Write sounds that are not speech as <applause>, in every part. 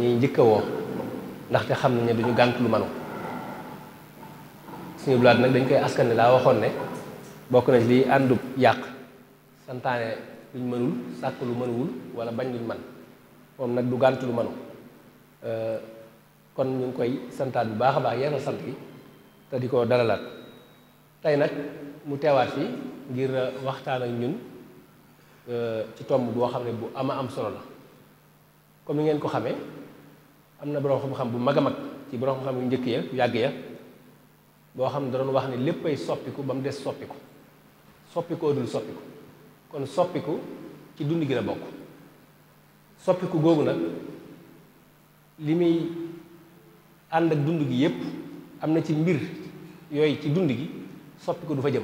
ñuy njëkk woo ndaxte xam nañ ne duñu gànt lu manu suñu blaat nag dañ koy askan ne daa waxoon ne bokk na ci liy àndub yàq santaane luñ mënul sàkk lu mënuwul wala bañ luñ man moom nag du gànt lu manu kon ñu ngi koy santaat bu baax a baax yeesal sant gi te di ko dalalaat tey nag mu teewaat fi ngir waxtaan ak ñun ci tomb boo xam ne bu ama am solo la comme ni ngeen ko xamee am na borom xam-xam bu mag a mag ci borom xam-xam njëkk ya yàgg ya boo xam ne da doon wax ne lépp ay soppiku ba mu des soppiku soppikoo dul soppiku kon soppiku ci dund gi la bokk soppiku googu nag li muy ànd ak dund gi yépp am na ci mbir yooyu ci dund gi soppiku du fa jëm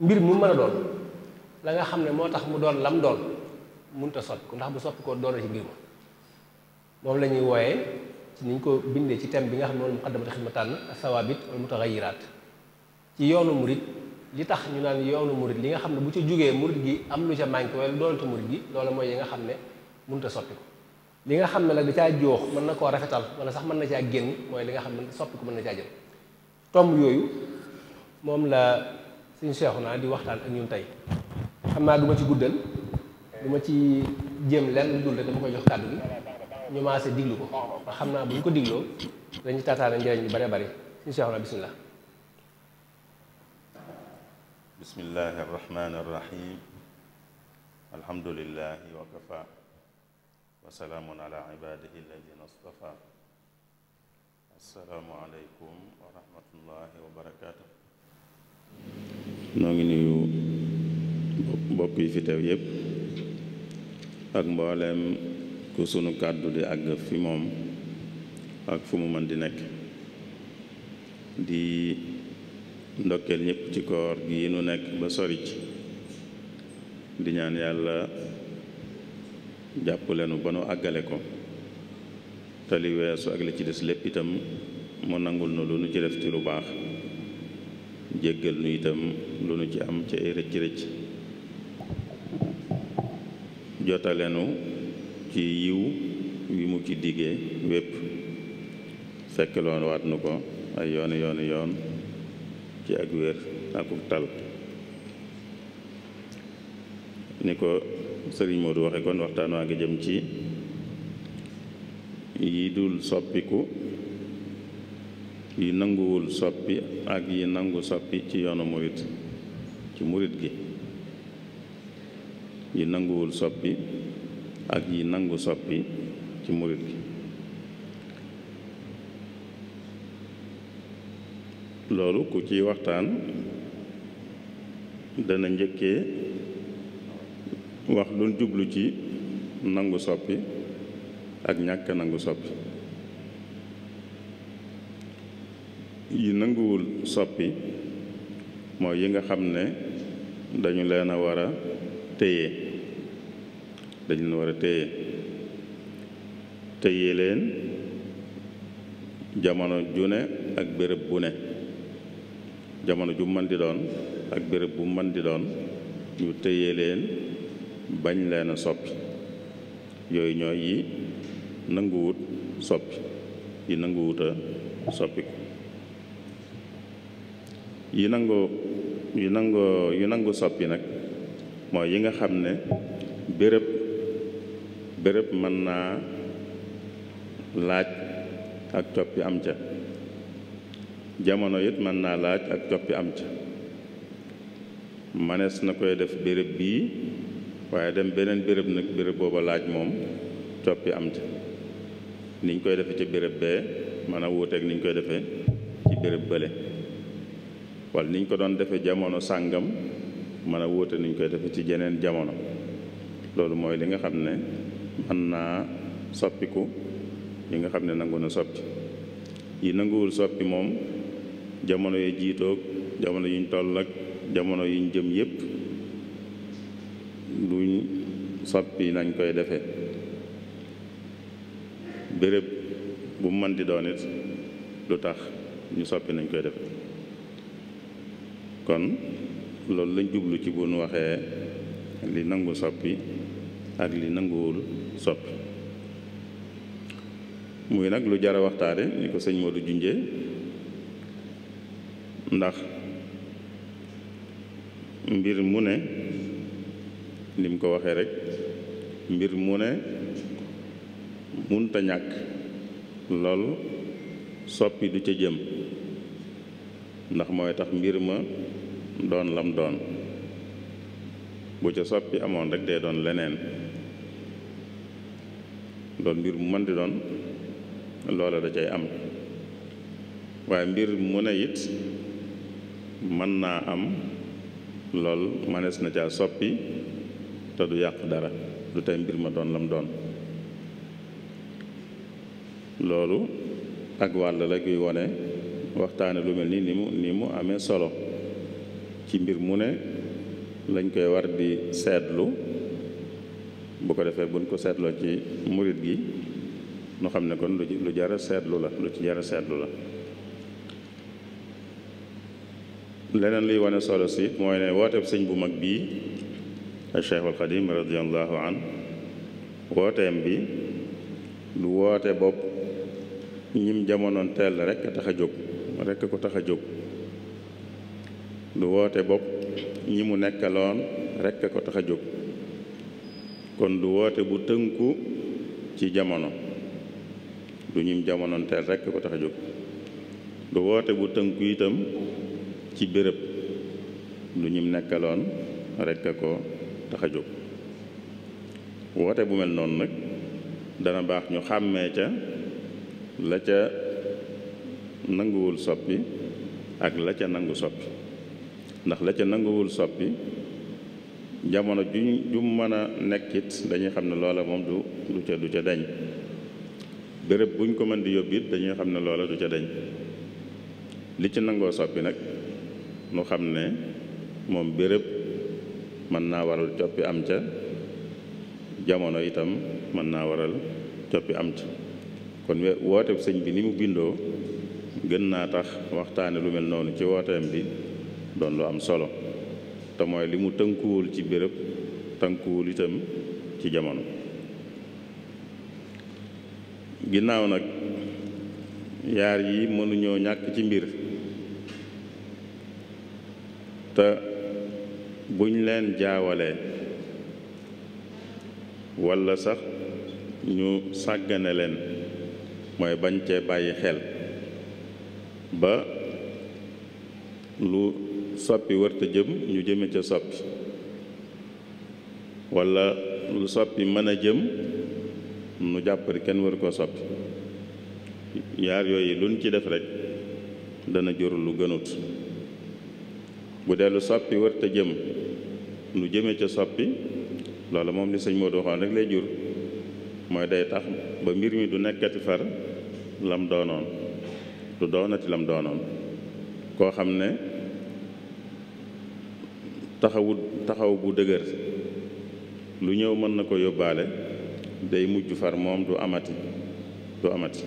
mbir mu mën a doon la nga xam ne moo tax mu doon lam doon mënut a soppiku ndax mu soppikoo doon na ci mbir ma moom la ñuy wooyee ci niñ ko bindee ci thème bi nga xam ne moom muqaddamatul xidma tànn sawaabit wal mutaxayiraat ci yoonu murit li tax ñu naan yoonu murit li nga xam ne bu ca jógee murit gi am lu ca manqué wala doonte murit gi loola mooy yi nga xam ne mënut a sotti ko li nga xam ne nag da caa joox mën na koo rafetal wala sax mën na caa génn mooy li nga xam ne soppi ko mën na caa yooyu moom la suñu seexu naa di waxtaan ak ñun tey xam naa duma ci guddal du ci jëm len lu dul rek dama koy jox kàddu gi ñu maase diglu ko ndax xam naa bu ñu ko digloo dañu taataana njëriñ lu bare bari ñu seexoona bismillah bismillahi arrahmani arrahim alhamdulillahi wa kafa wa salaamun ala ibadihi alladina astafa assalaamu aleykum wa rahmatullahi wa barakaatu noo ngi nuyu bopp yi fi teew yépp ak mboolem ku sunu kàddu di àgg fi moom ak fu mu mën di nekk di ndokkeel ñépp ci koor gi nu nekk ba sori di ñaan yàlla jàpp leenu ba nu àggale ko te li weesu ak li ci des lépp itam mu nangul nu lu nu ci ci lu baax jéggal nu itam lu nu ci am ci ay rëcc rëcc jotalenu ci yiw wi mu ci diggee wépp fekkloon waat nu ko ay yooni yooni yoon ci ak wér akuk tal ni ko sëriñ Modou waxe kon waxtaan waa ngi jëm ci yi dul soppiku yi nanguwul soppi ak yi nangu soppi ci yoonu murit ci murit gi yi nanguwul soppi ak yi nangu soppi ci murit gi loolu ku ci waxtaan dana njëkke wax luñ jublu ci nangu soppi ak ñàkk nangu soppi yi nanguwul soppi mooy yi nga xam ne dañu leen a war a téye dañu leen war a téye téye leen jamono ju ne ak béréb bu ne jamono ju mën di doon ak béréb bu mën di doon ñu téye leen bañ leen a soppi yooyu ñooy yi nanguwut soppi yi nanguwut soppi yi nangoo yi nangoo yi nangu soppi nag mooy yi nga xam ne bërëb béréb mën naa laaj ak coppi am ca jamono yit mën naa laaj ak coppi am ca manees na koy def béréb bii waaye dem beneen béréb nag béréb booba laaj moom coppi am ca niñ koy defe ci béréb bee mën a wuuteeg niñ koy defe ci béréb bële wala niñ ko doon defe jamono sàngam mën a wuute niñ koy defe ci jeneen jamono loolu mooy li nga xam ne mën naa soppiku yi nga xam ne nangu na soppi yi nanguwul soppi moom jamono yi jiitoog jamono yuñ toll ak jamono yuñ jëm yépp luñ soppi nañ koy defe béréb bu mën di doon lu tax ñu soppi nañ koy defe kon loolu lañ jublu ci bu waxee li nangu soppi ak li nanguwul soppi muy nag lu jara waxtaane ni ko sëñ Modou junjee ndax mbir mu ne ni ko waxee rek mbir mu ne munta ñàkk loolu soppi du ca jëm ndax mooy tax mbir ma doon lam doon bu ca soppi amoon rek day doon leneen lool mbir mu mën di doon loola da cay am waaye mbir mu ne it mën naa am lool mënees na caa soppi te du yàq dara du tey mbir ma doon lam doon loolu ak wàll la guy wone waxtaane lu mel nii ni mu ni mu amee solo ci mbir mu ne lañ koy war di seetlu bu ko defee buñ ko seetloo ci murit gi nu xam ne kon lu jara seetlu la lu ci jara seetlu la leneen luy wane solo si mooy ne wooteeb sëñ bu mag bii a Cheikhul Xadim radiallahu an wooteem bi lu woote bopp ñim jamonoon teel rekk a tax a jóg rekk ko tax a jóg lu woote bopp ñi mu nekkaloon rekk ko tax a jóg kon du woote bu tënku ci jamono lu ñim jamononteel rekk ko tax a jóg du woote bu tënku itam ci bërëb lu ñim nekkaloon rekk ko tax a jóg woote bu mel noonu nag dana baax ñu xàmmee ca la ca nanguwul soppi ak la ca nangu soppi ndax la ca nanguwul soppi jamono juñ ju mën a nekkit dañuy xam ne loola moom du du ca du ca dañ béréb buñ ko mën di yóbbit dañuy xam ne loola du ca dañ li ci nangoo soppi nag nu xam ne moom bërëb mën naa waral coppi am ca jamono itam mën naa waral coppi am ca kon woote sëñ bi ni mu bindoo gën naa tax waxtaane lu mel noonu ci wooteem bi doon lu am solo te mooy li tënkuwul ci béréb tënkuwul itam ci jamono ginnaaw nag yaar yi mënuñoo ñàkk ci mbir te ñu leen jaawalee walla sax ñu sàggane leen mooy bañ cee bàyyi xel ba lu soppi wërta jëm ñu jëme ca soppi wala lu soppi mën a jëm nu jàpp kenn waru koo soppi yaar yooyu luñ ci def rek dana jur lu gënut bu dee lu soppi wërta jëm lu jëme ca soppi loolu moom li sëñ Modou waxoon lay jur mooy day tax ba mbir mi du nekkati far lam doonoon du doonati lam doonoon koo xam ne taxawu taxaw bu dëgër lu ñëw mën na ko yóbbaale day mujj far moom du amati du amati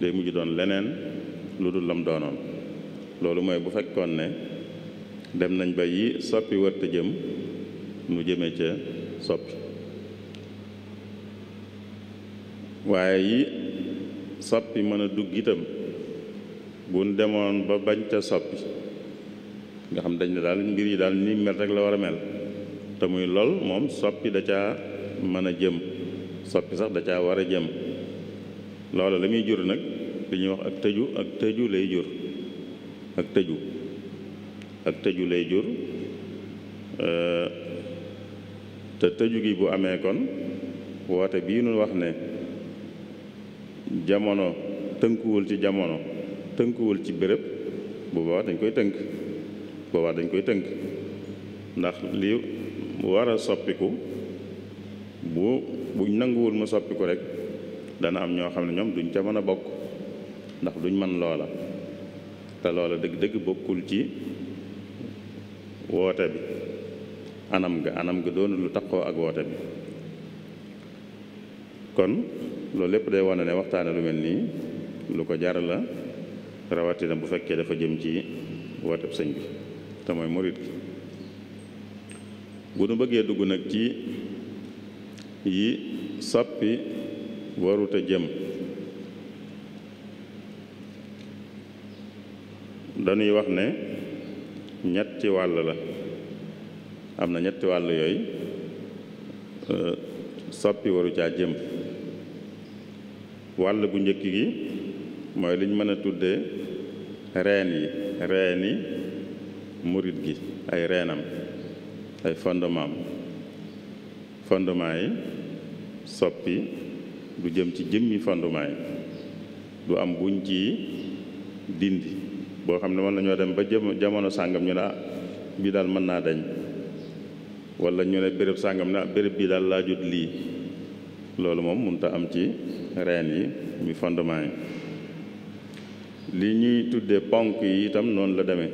day mujj doon leneen lu dul lam doonoon loolu mooy bu fekkoon ne dem nañ ba yi soppi wërta jëm mu jëme ca soppi waaye yi soppi mën a dugg itam buñ demoon ba bañ ca soppi nga xam dañ ne daal mbir yi daal ni mel rek la war a mel te muy lool moom soppi da caa mën a jëm soppi sax da caa war a jëm loola la muy jur nag li ñuy wax ak tëju ak tëju lay jur ak tëju ak tëju lay jur te tëju gi bu amee kon woote bii nu wax ne jamono tënkuwul ci jamono tënkuwul ci béréb bu baax dañ koy tënk booba dañ koy tënk ndax li war a soppiku bu buñ nanguwul ma soppiku rek dana am ñoo xam ne ñoom duñ ca mën a bokk ndax duñ mën loola te loola dëgg-dëgg bokkul ci woote bi anam ga anam ga doonu lu taqoo ak woote bi kon loolu lépp day wane ne waxtaane lu mel nii lu ko jar la rawatina bu fekkee dafa jëm ci wooteb sëñ bi te mooy murit bu nu bëggee dugg nag ci yi sàppi warut jëm dañuy wax ne ñetti wàll la am na ñetti wàll yooyu e, sàppi waru caa jëm wàll bu njëkk gi mooy liñ mën a tudde reen yi reen murit gi ay reenam ay fondement fondement yi soppi du jëm ci jëmmi fondement yi du am buñ ci dindi boo xam ne mën nañoo dem ba jëm jamono sàngam ñu ne ah, bii daal mën naa dañ walla ñu ne béréb sàngam ne ah béréb bii daal laa laajut lii loolu moom mënut a am ci reen yi mu fondement yi li ñuy tuddee ponk yi itam noonu la demee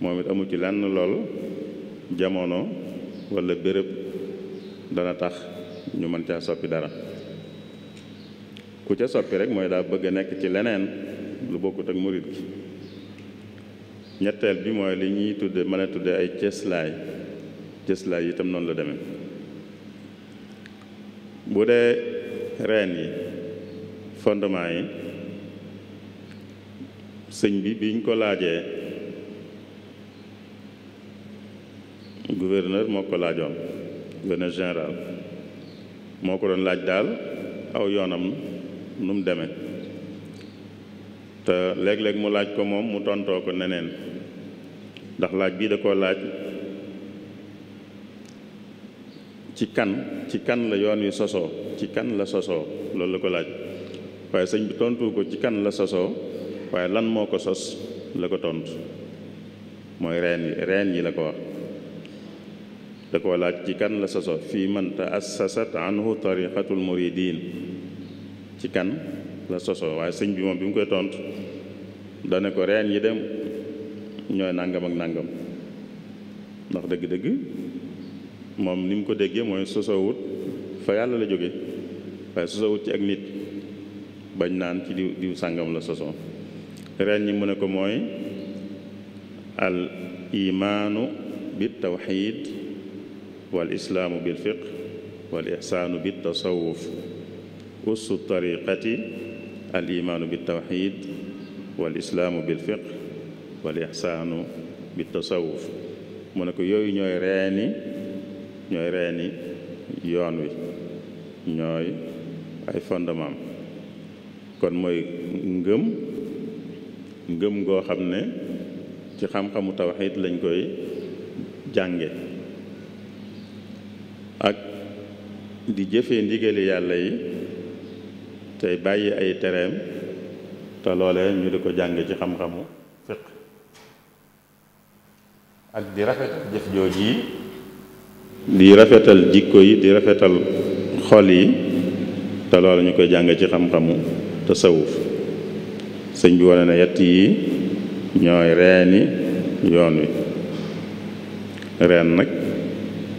moom it amu ci lan lool jamono walla béréb dana tax ñu mën caa soppi dara ku ca soppi rek mooy daa bëgg a nekk ci leneen lu bokkut ak murit gi ñetteel bi mooy li ñuy tudde mën a tudde ay cëslaay cëslaay itam noonu la deme bu dee reen yi fondement yi sëñ bi biñ ko laajee gouverneur moo ko laajoon gouverneur général moo ko doon laaj daal aw yoonam nu mu demee te léeg-léeg mu laaj ko moom mu tontoo ko neneen ndax laaj bii da koo laaj ci kan ci kan la yoon wi sosoo ci kan la sosoo loolu la ko laaj waaye sëñ bi ko ci kan la sosoo waaye lan moo ko sos la ko tontu mooy reen yi reen yi la ko wax da laaj ci kan la soso fii man taassasat anhu tariqatul muridin ci kan la soso waaye sëñ bi moom bi mu koy tontu dane ko reen yi dem ñooy nangam ak nangam ndax dëgg-dëgg moom ni mu ko déggee mooy sosowut fa yàlla la jóge waaye sosowut ci ak nit bañ naan ci diw diw sàngam la soso reen ñi mu ne ko mooy al imaanu bi tawxid wal islaamu bil fiq wal ixsaanu tasawuf ussu tariqati al imaanu bit tawxid bil fiq wal ixsaanu bit tasawuf mu ne ko yooyu ñooy reeni ñooy reeni yoon wi ñooy ay fondement kon mooy ngëm ngëm goo xam ne ci xam-xamu tawxiid lañ koy jànge ak di jëfe ndigali yàlla yi tey bàyyi ay tereem te loole ñu di ko jàng ci xam-xamu fiq ak di rafetal jëf jooj yi di rafetal jikko yi di rafetal xol yi te loole ñu koy jàng ci xam-xamu tasawuf sëñ bi wane na yett yi ñooy reeni yoon wi reen nag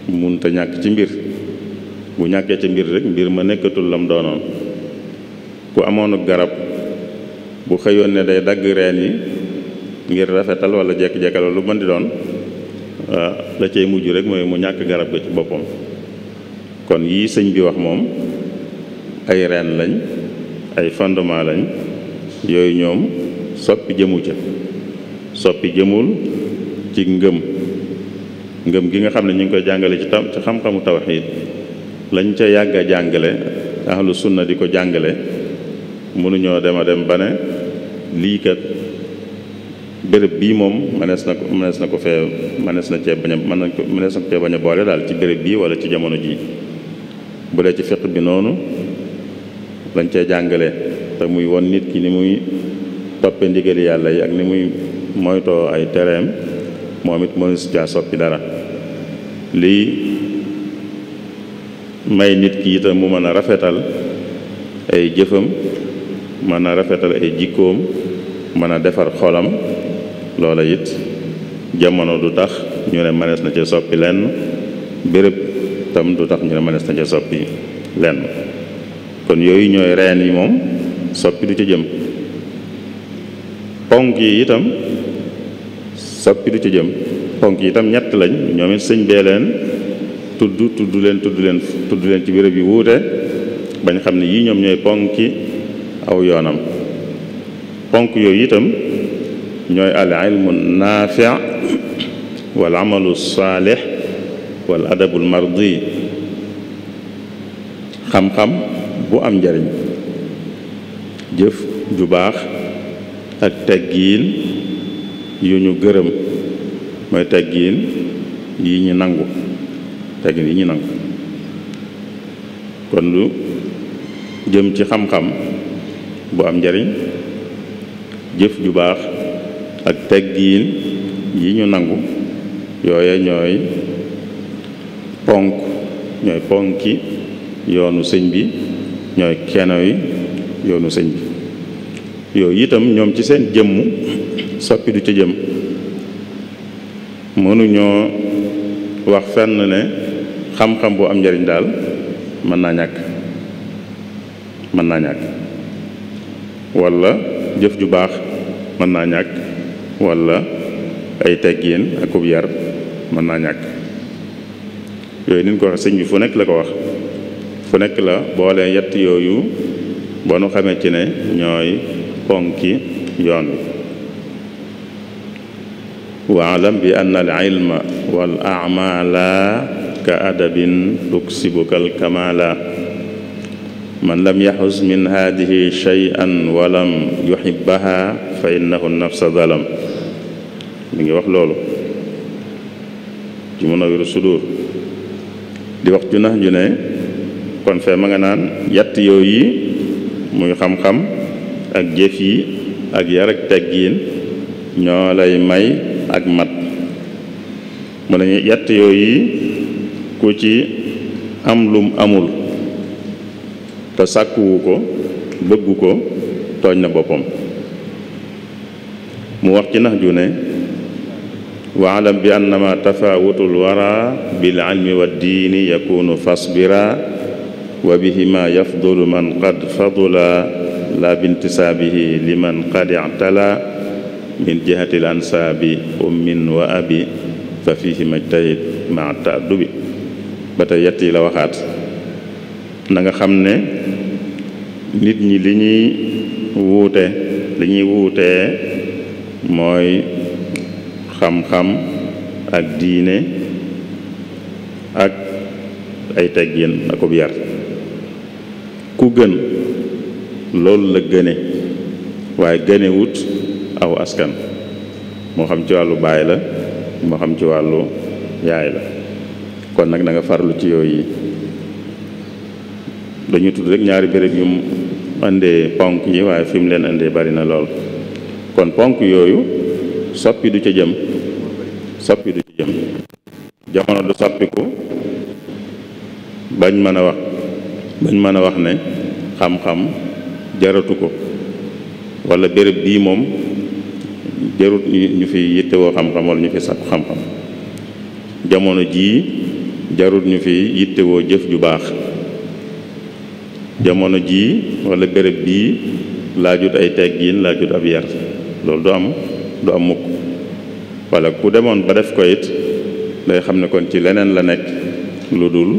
munta ñàkk ci mbir bu ñàkkee ca mbir rek mbir ma nekkatul lam doonoon ku amoon amoonu garab bu xëyoon ne day dagg reen yi ngir rafetal wala jekk-jekkal lu mën di doon ah, la cay mujj rek mooy mu ñàkk garab ga ci boppam kon yii sëñ bi wax moom ay reen lañ ay fondement lañ yooyu ñoom soppi jëmu ca soppi jëmul ci ngëm ngëm gi nga xam ne ñu ngi koy jàngale ci tam ci xam-xamu tawxiid lañ ca yàgg a jàngale ahlu sunna di ko jàngale mënuñoo dem a dem bane liikat lii bii moom mënees na ko mënees na ko fee mënees na cee bañ mën na ko mënees na ko cee bañ boole daal ci béréb bii wala ci jamono jii bu dee ci fiq bi noonu lañ cee jàngale te muy won nit ki ni muy toppe ndigali yàlla yi ak ni muy moytoo ay tereem moom it mënees caa soppi dara lii may nit ki itam mu mën a rafetal ay jëfam mën a rafetal ay jikkoom mën a defar xolam loola it jamono du tax ñu ne mënees na ci soppi lenn béréb tam du tax ñu ne mënees na ci soppi lenn kon yooyu ñooy reen yi moom soppi du ci jëm ponk yi itam soppi du ci jëm ponk yi itam ñett lañ ñoom it sëñ bee leen tudd tudd leen tudd leen tudd leen ci béréb yi wuute bañ xam ne yii ñoom ñooy ponki aw yoonam ponk yooyu itam ñooy al ilmu naafi amalu saalix wal adabul mardi xam-xam bu am njariñ jëf ju baax ak teggiin yu ñu gërëm mooy teggiin yi ñu nangu teggin yi ñu nangu kon lu jëm ci xam-xam bu am njariñ jëf ju baax ak teggiin yi ñu nangu yooye ñooy ponk ñooy ponki yoonu sëñ bi ñooy keno yi yoonu sëñ bi yooyu itam ñoom ci seen jëmm soppi du ca jëm mënuñoo wax fenn ne xam-xam bu am njariñ daal mën naa ñàkk mën naa ñàkk walla jëf ju baax mën naa ñàkk wala ay teggin ak ub yar mën naa ñàkk yooyu ni ko waxee sëñ bi fu nekk la ko wax fu nekk la boole yett yooyu ba nu xamee ci ne ñooy ponki yoon wi waalam bi anna al ilma wal amala ka adabin tuksibukal kamala man lam yaxus min haadihi shay'an walam fa innahu nafsa ngi wax loolu ci Munawwirus Sudur kon fee ma nga naan yatt yooyu muy xam-xam ak jëf yi ak yar ak teggiin ñoo lay may ak mat mu ne yatt yooyu ku ci am lum amul te sàkkuwu ko bëggu ko tooñ na boppam mu wax ci nax ju ne waalam bi annama tafawutul wara bil ilmi wa diini yakunu fasbira wa bihima yafdulu man qad fadula la bintisaabihi liman qad ictala min jihati l ansaabi ummin wa abi fa fihima ijtahid maa taaddubi ba tey yett yi la waxaat na nga xam ne nit ñi li ñuy wuute li ñuy wuutee mooy xam-xam ak diine ak ay teggin ak ub yar ku gën loolu la gëne waaye gëne wut aw askan moo xam ci wàllu baay la moo xam ci wàllu yaay la kon nag na nga farlu ci yooyu dañuy tudd rek ñaari béréb yu mu indee ponk yi waaye fi mu leen indee bari na lool kon ponk yooyu soppi du ca jëm soppi du ca jëm jamono du soppiku bañ mën a wax bañ mën a wax ne xam-xam jaratu ko walla béréb bii moom jarut ñu fi yittewoo xam-xam wala ñu fi sàkku xam-xam jamono jii jarut ñu fi yittewoo jëf ju baax jamono jii walla béréb bii laajut ay teggiin laajut ab yar loolu du am du am mukk walla ku demoon ba def ko it day xam ne kon ci leneen la nekk lu dul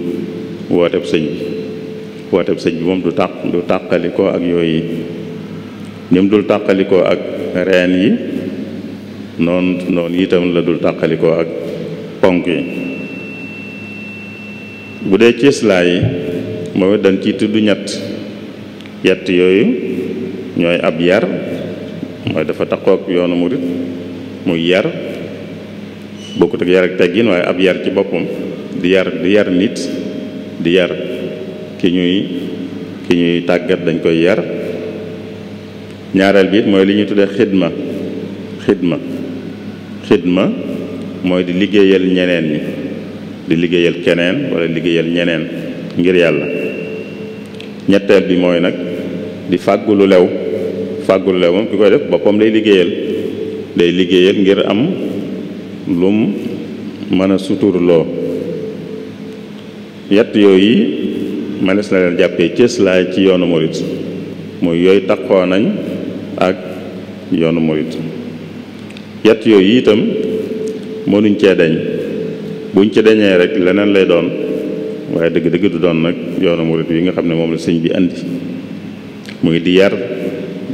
wooteb sëñ bi wooteb sëñ bi moom du tàq du tàqalikoo ak yooyu ni mu dul tàqalikoo ak reen yi noonu noon itam la dul tàqalikoo ak ponk yi bu dee cëslaa yi moom it dañ ciy tudd ñett yett yooyu ñooy ab yar mooy dafa taqoog yoonu murit muy yar bokkut ak yar ak teggin waaye ab yar ci boppam di yar di yar nit di yar ki ñuy ki ñuy tàggat dañ koy yar ñaareel bi it mooy li ñuy tuddee xidma xidma xidma mooy di liggéeyal ñeneen yi di liggéeyal keneen wala liggéeyal ñeneen ngir yàlla ñetteel bi mooy nag di fàggulu lew fàggu lu lew moom ki koy def boppam day liggéeyal day liggéeyal ngir am lum mën a suturloo yett yooyu mënees na leen jàppee cëslaay ci yoonu murit mooy yooyu taxoo nañ ak yoonu murit yett yooyu itam mënuñ cee dañ buñ ca deñee rek leneen lay doon waaye dëgg-dëgg du doon nag yoonu murit yi nga xam ne moom la sëñ bi andi muy di yar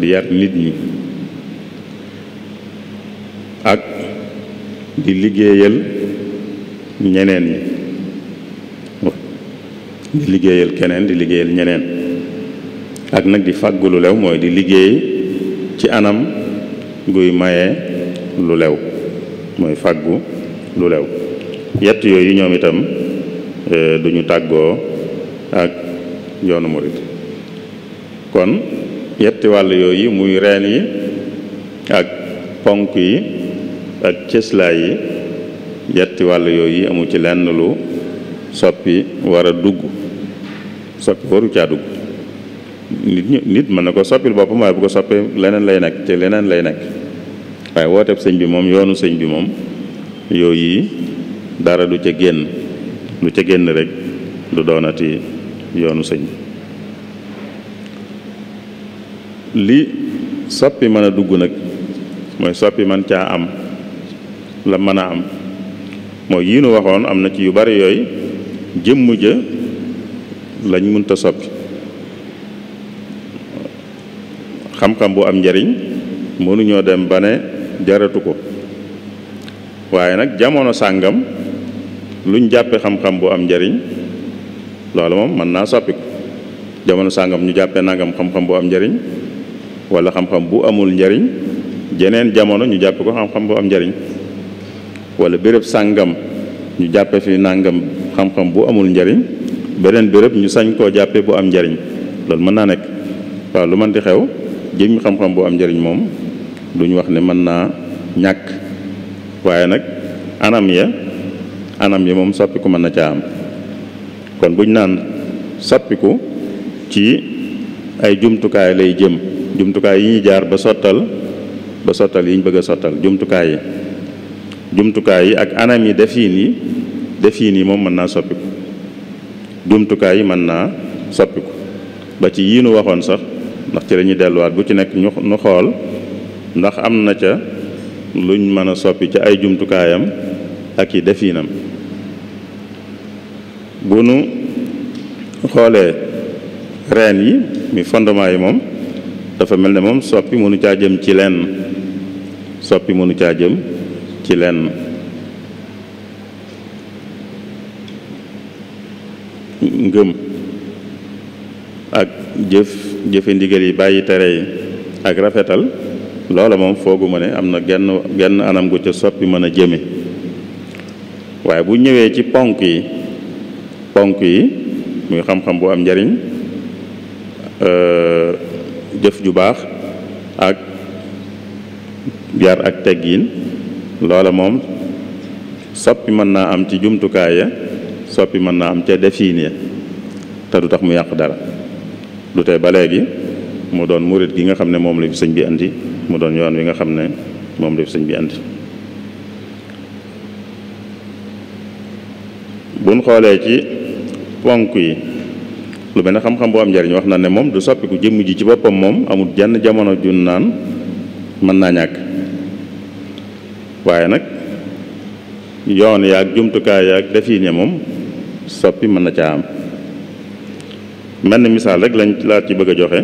di yar nit ñi ak di liggéeyal ñeneen ñi di liggéeyal keneen di liggéeyal ñeneen ak nag di fàggu lu lew mooy di liggéey ci anam guy maye lu lew mooy fàggu lu lew yett yooyu ñoom itam e, duñu tàggoo ak yoonu murit kon yetti wàll yooyu muy reen yi ak ponk yi ak cëslaay yi yetti wàll yooyu amu ci lenn lu soppi war a dugg soppi waru caa dugg nit nit mën na ko soppil boppam waaye bu ko soppee leneen lay nekk te leneen lay nekk waaye wooteeb sëñ bi moom yoonu sëñ bi moom yooyu dara du ca génn lu ca génn rek du doonati yoonu sëñ li soppi mën a dugg nag mooy soppi man caa am la mën a am mooy yi nu waxoon am na ci yu bari yooyu jëmm ja lañ mënta soppi xam-xam bu am njariñ mënuñoo dem ba ne jaratu ko waaye nag jamono sàngam luñ jàppe xam-xam bu am njariñ loolu moom mën naa soppiku jamono sàngam ñu jàppee nangam xam-xam bu am njariñ walla xam bu amul njariñ jeneen jamono ñu jàppe ko xam-xam am njariñ wala béréb sàngam ñu jàppe fii nangam xam-xam bu amul njariñ beneen béréb ñu sañ koo jàppe bu am njariñ loolu mën naa nekk waa lu mën di xew jëmm xam-xam bu am njariñ moom duñ wax ne mën naa ñàkk waaye nag anam ya anam ya moom soppiku mën na caa am kon buñ naan soppiku ci ay jumtukaay lay jëm jumtukaay yi ñuy jaar ba sottal ba sottal yi ñu bëgg a sottal jumtukaay yi jumtukaay yi ak anam yi defiin yi defiin yi moom mën naa soppiku jumtukaay yi mën naa soppiku ba ci yii nu waxoon sax ndax ci lañuy delluwaat bu ci nekk ñu nu xool ndax am na ca luñ mën a soppi ci ay jumtukaayam ak i defiinam bu nu xoolee reen yi mi fondement yi moom dafa mel ne moom soppi mënu caa jëm ci lenn soppi mënu caa jëm ci lenn ngëm ak jëf jëfe ndigal yi bàyyi tere yi ak rafetal loola moom fooguma ne am na genn genn anam gu ca soppi mën a jëme waaye bu ñëwee ci ponk yi ponk yi muy xam-xam bu am njariñ euh, jëf ju baax ak yar ak teggiin loola moom soppi mën naa am ci jumtukaay ya soppi mën naa am ca defiin ya te du tax mu yàq dara du tee ba léegi mu doon murit gi nga xam ne moom la fi sëñ bi andi mu doon yoon wi nga xam ne moom la fi sëñ bi andi buñ xoolee ci ponk yi lu mel ne xam-xam bu am njariñ wax na ne moom du soppiku jëmm ji ci boppam moom amul jenn jamono jun naan mën naa ñàkk waaye nag yoon yi ak jumtukaay yaag def yi ne moom soppi mën na caa am mel ni misaal rek lañ laat ci bëgg a joxe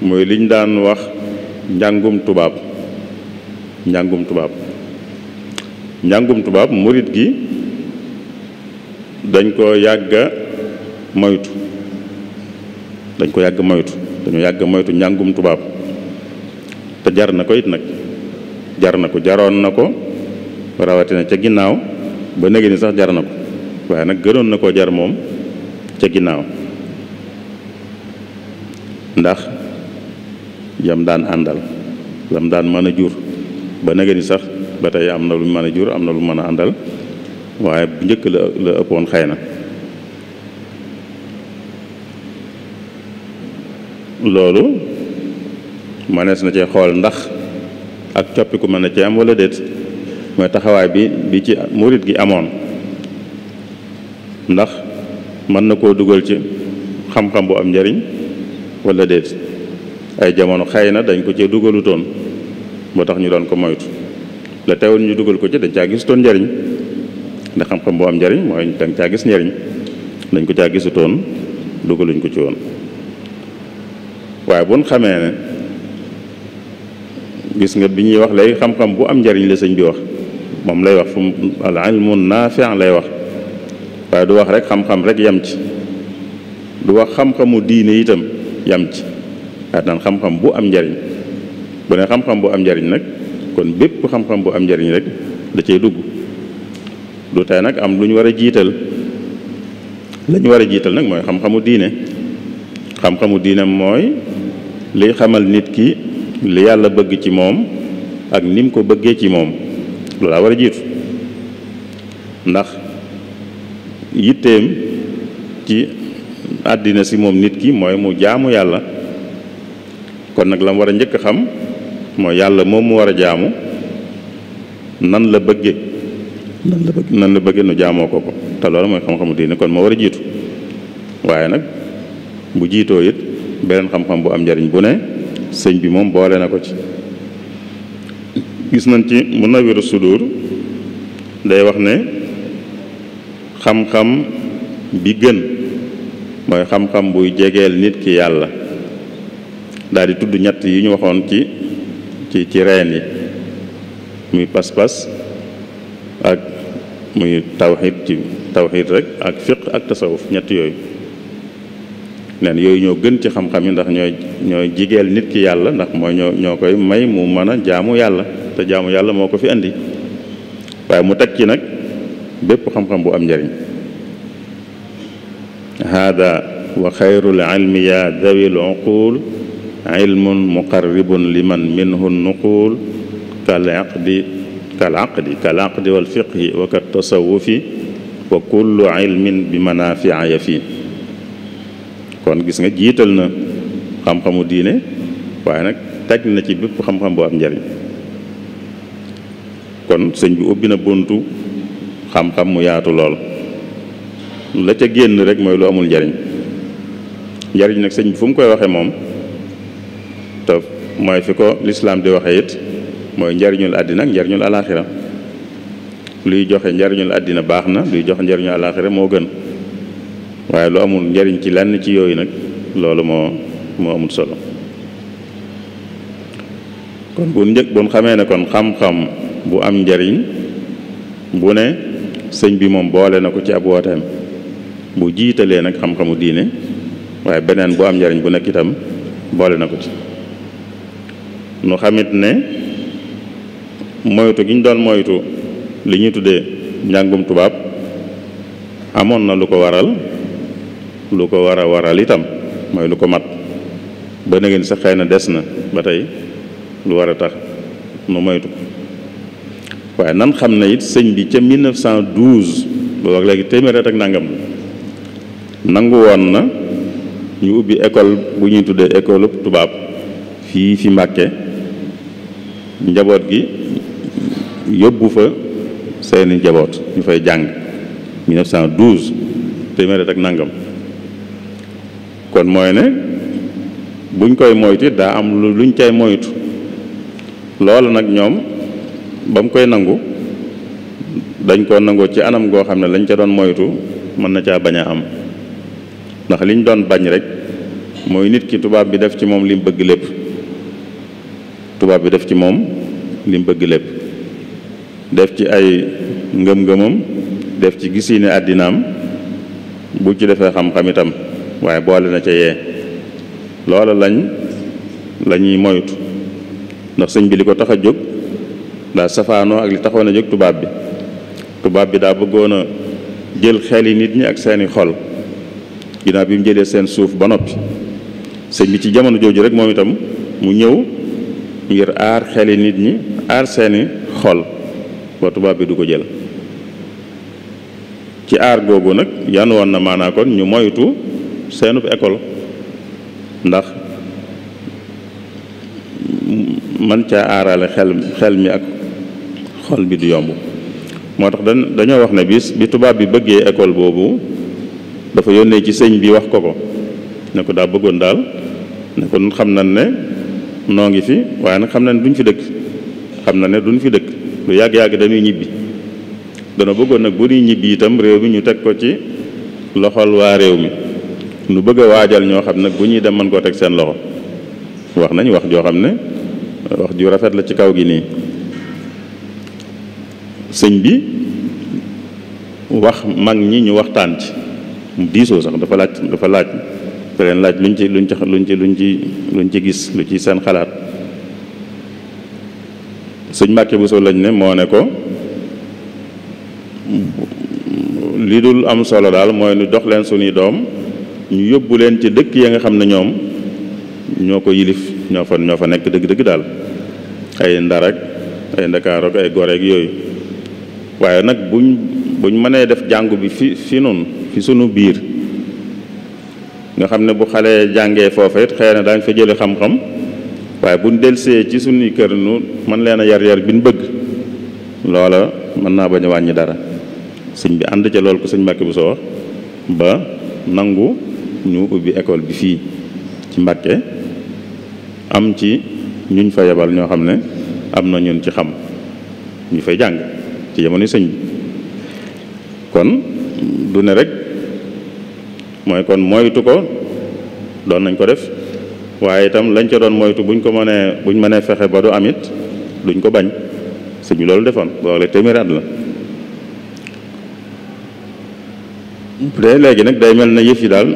mooy liñ daan wax njàngum tubaab njàngum tubaab njàngum tubaab murit gi dañ ko yàgga moytu dañ ko yàgg moytu dañu yàgg moytu njàngum tubaab te jar na ko it nag jar na ko jaroon na ko rawatina ca ginnaaw ba léegi sax jar na ko waaye nag gënoon na koo jar moom ca ginnaaw ndax yam daan àndal lam daan mën a jur ba naga ni sax ba tey am na lu mën a jur am na lu mën a àndal waaye njëkk la la ëppoon xëy na loolu mënees na cee xool ndax ak coppiku mën na cee am walla déet mooy taxawaay bi bi ci murit gi amoon ndax mën na koo dugal ci xam-xam bu am njariñ wala déet ay jamono xëy na dañ ko cee dugalutoon moo tax ñu doon ko moytu la teewul ñu dugal ko ci dañ caa gisutoon njariñ ndax xam-xam am njariñ mooy dañ gis njariñ dañ ko caa gisutoon dugaluñ ko ci woon waaye bu ñu xamee ne gis nga bi ñuy wax lay xam-xam bu am njariñ la sañ bi wax moom lay wax fu mu al ilmu naafi lay wax waaye du wax rek xam-xam rek yam ci du wax xam-xamu diine itam yam ci aatan xam-xam bu am njariñ bu ne xam-xam bu am njariñ nag kon bépp xam-xam bu am njariñ rek da cay dugg du tey nag am lu ñu war a jiital la war a jiital nag mooy xam-xamu diine xam-xamu diine mooy liy xamal nit ki li yàlla bëgg ci moom ak ni ko bëggee ci moom loolaa war a jiitu ndax yitteem ci àddina si moom nit ki mooy mu jaamu yàlla kon nag la war a njëkk a xam mooy yàlla moom mu war a jaamu nan la bëgge nan la nan la bëgge nu jaamoo ko ko te loolu mooy xam-xamu diine kon moo war a jiitu waaye nag bu jiitoo it beneen xam-xam bu am njariñ bu ne sëñ bi moom boole na ko ci gis nañ ci Munawwirus Sudur day wax ne xam-xam bi gën mooy xam-xam buy jegeel nit ki yàlla daal di tudd ñett yi ñu waxoon ci ci ci reen yi muy pas-pas ak muy tawxid ci tawxid rek ak fiq ak tasawuf ñett yooyu neen yooyu ñoo gën ci xam-xam yi ndax ñooy ñooy jigeel nit ki yàlla ndax moo ñoo ñoo koy may mu mën a jaamu yàlla te jaamu yàlla moo ko fi indi waaye mu teg ci nag bépp xam-xam bu am njariñ hada wa xayrul ilmi ya ilmun muqarribun liman minhu nuqul kal aqdi kal aqdi kal aqdi wal fiqhi wa kat tasawufi wa kullu ilmin bi kon gis nga jiital na xam-xamu waaye nag teg na ci bépp xam-xam bu am njariñ kon sëñ bi ubbi na buntu xam-xam mu yaatu lool la ca génn rek mooy lu amul njariñ njariñ nag sëñ bi fu mu koy waxe moom te mooy fi ko lislaam di waxe it mooy njariñul àddina ak njariñul alaaxira luy joxe njariñul àddina baax na luy jox njariñul alaaxira moo gën waaye lu amul njariñ ci lenn ci yooyu nag loolu moo moo amul solo kon bu njëkk bu xamee ne kon xam bu am njariñ bu sëñ bi moom boole na ko ci ab wooteem bu jiitalee nag xam-xamu diine waaye beneen bu am njariñ bu nekk itam boole na ko ci nu xamit ne moytu gi ñu doon moytu li ñuy tuddee njàngum tubaab amoon na lu ko waral lu ko war a waral itam mooy lu ko mat ba na ngeen sax na des na ba tey lu war a tax nu moytu waaye nan xam na it sëñ bi ca 1912 boobu ak léegi téeméer ak nangam nangu woon na ñu ubbi école bu ñuy tuddee école tubaab fii fi Mbàkke njaboot gi yóbbu fa seeni njaboot ñu fay jàng 1912 téeméer ak nangam kon mooy ne buñ koy moytu daa am lu luñ cay moytu loolu nag ñoom ba mu koy nangu dañ koo nangoo ci anam goo xam ne lañ ca doon moytu mën na caa bañ a am ndax li liñ doon bañ rek mooy nit ki tubaab bi def ci moom li mu bëgg lépp tubaab bi def ci moom li bëgg lépp def ci ay ngëm-ngëmam def ci gis ne àddinaam bu ci defee xam-xam itam waaye boole na ca yee loola lañ la ñuy moytu ndax sëñ bi li ko tax a jóg daa safaanoo ak li taxoon a jóg tubaab bi tubaab bi daa bëggoon a jël xel yi nit ñi ak seeni xol ginnaaw bi mu jëlee seen suuf ba noppi sëñ bi ci jamono jooju rek moom itam mu ñëw ngir aar xeli nit ñi aar seeni xol ba tubaab bi du ko jël ci aar googu nag yan woon na maanaa ñu moytu seenub école ndax man caa aarale xel xel mi ak xol bi du yomb moo tax dañ dañoo wax ne bis bi tubaab bi bëggee école boobu dafa yónnee ci sëñ bi wax ko ko ne ko daa bëggoon daal ne ko xam nañ ne noo ngi fi waaye nag xam na ne duñ fi dëkk xam na ne duñ fi dëkk lu yàgg-yàgg dañuy ñibbi dana bëggoon nag bu ñuy ñibbi itam réew mi ñu teg ko ci loxol waa réew mi nu bëgg a waajal ñoo xam ne bu ñuy dem mën koo teg seen loxo wax nañu wax joo xam ne wax ju rafet la ci kaw gi nii sëñ bi wax mag ñi ñu waxtaan ci diisoo sax dafa laaj dafa laaj da leen laaj luñ ci luñ ci luñ ci luñ ci luñ ci gis lu ci seen xalaat sëñ bu sol lañ ne moo ne ko li dul am solo daal mooy nu dox leen suñuy doom ñu yóbbu leen ci dëkk ya nga xam ne ñoom ñoo ko yilif ñoo fa ñoo fa nekk dëgg-dëgg daal ay Ndar ak ay Ndakaar ak ay Gore yooyu waaye nag buñ buñ mënee def jàngu bi fi fi noonu fi sunu biir nga xam ne bu xale jàngee foofa it xëy na daañ fa jële xam-xam waaye buñ delsee ci suñuy kër nu mën leen a yar-yar bi ñu bëgg loola mën naa bañ a wàññi dara sëñ bi ànd ca lool ko sëñ Mbàkke bu soo wax ba nangu ñu ubbi école bi fii ci Mbàkke am ci ñuñ fa yebal ñoo xam ne am na ñun ci xam ñu fay jàng ci jamono sëñ kon du ne rek mooy kon moytu ko doon nañ ko def waaye itam lañ ca doon moytu buñ ko mënee buñ mënee fexe ba du amit duñ ko bañ sëñ bi loolu defoon boole téeméeri at la. bu léegi nag day mel na yëf yi daal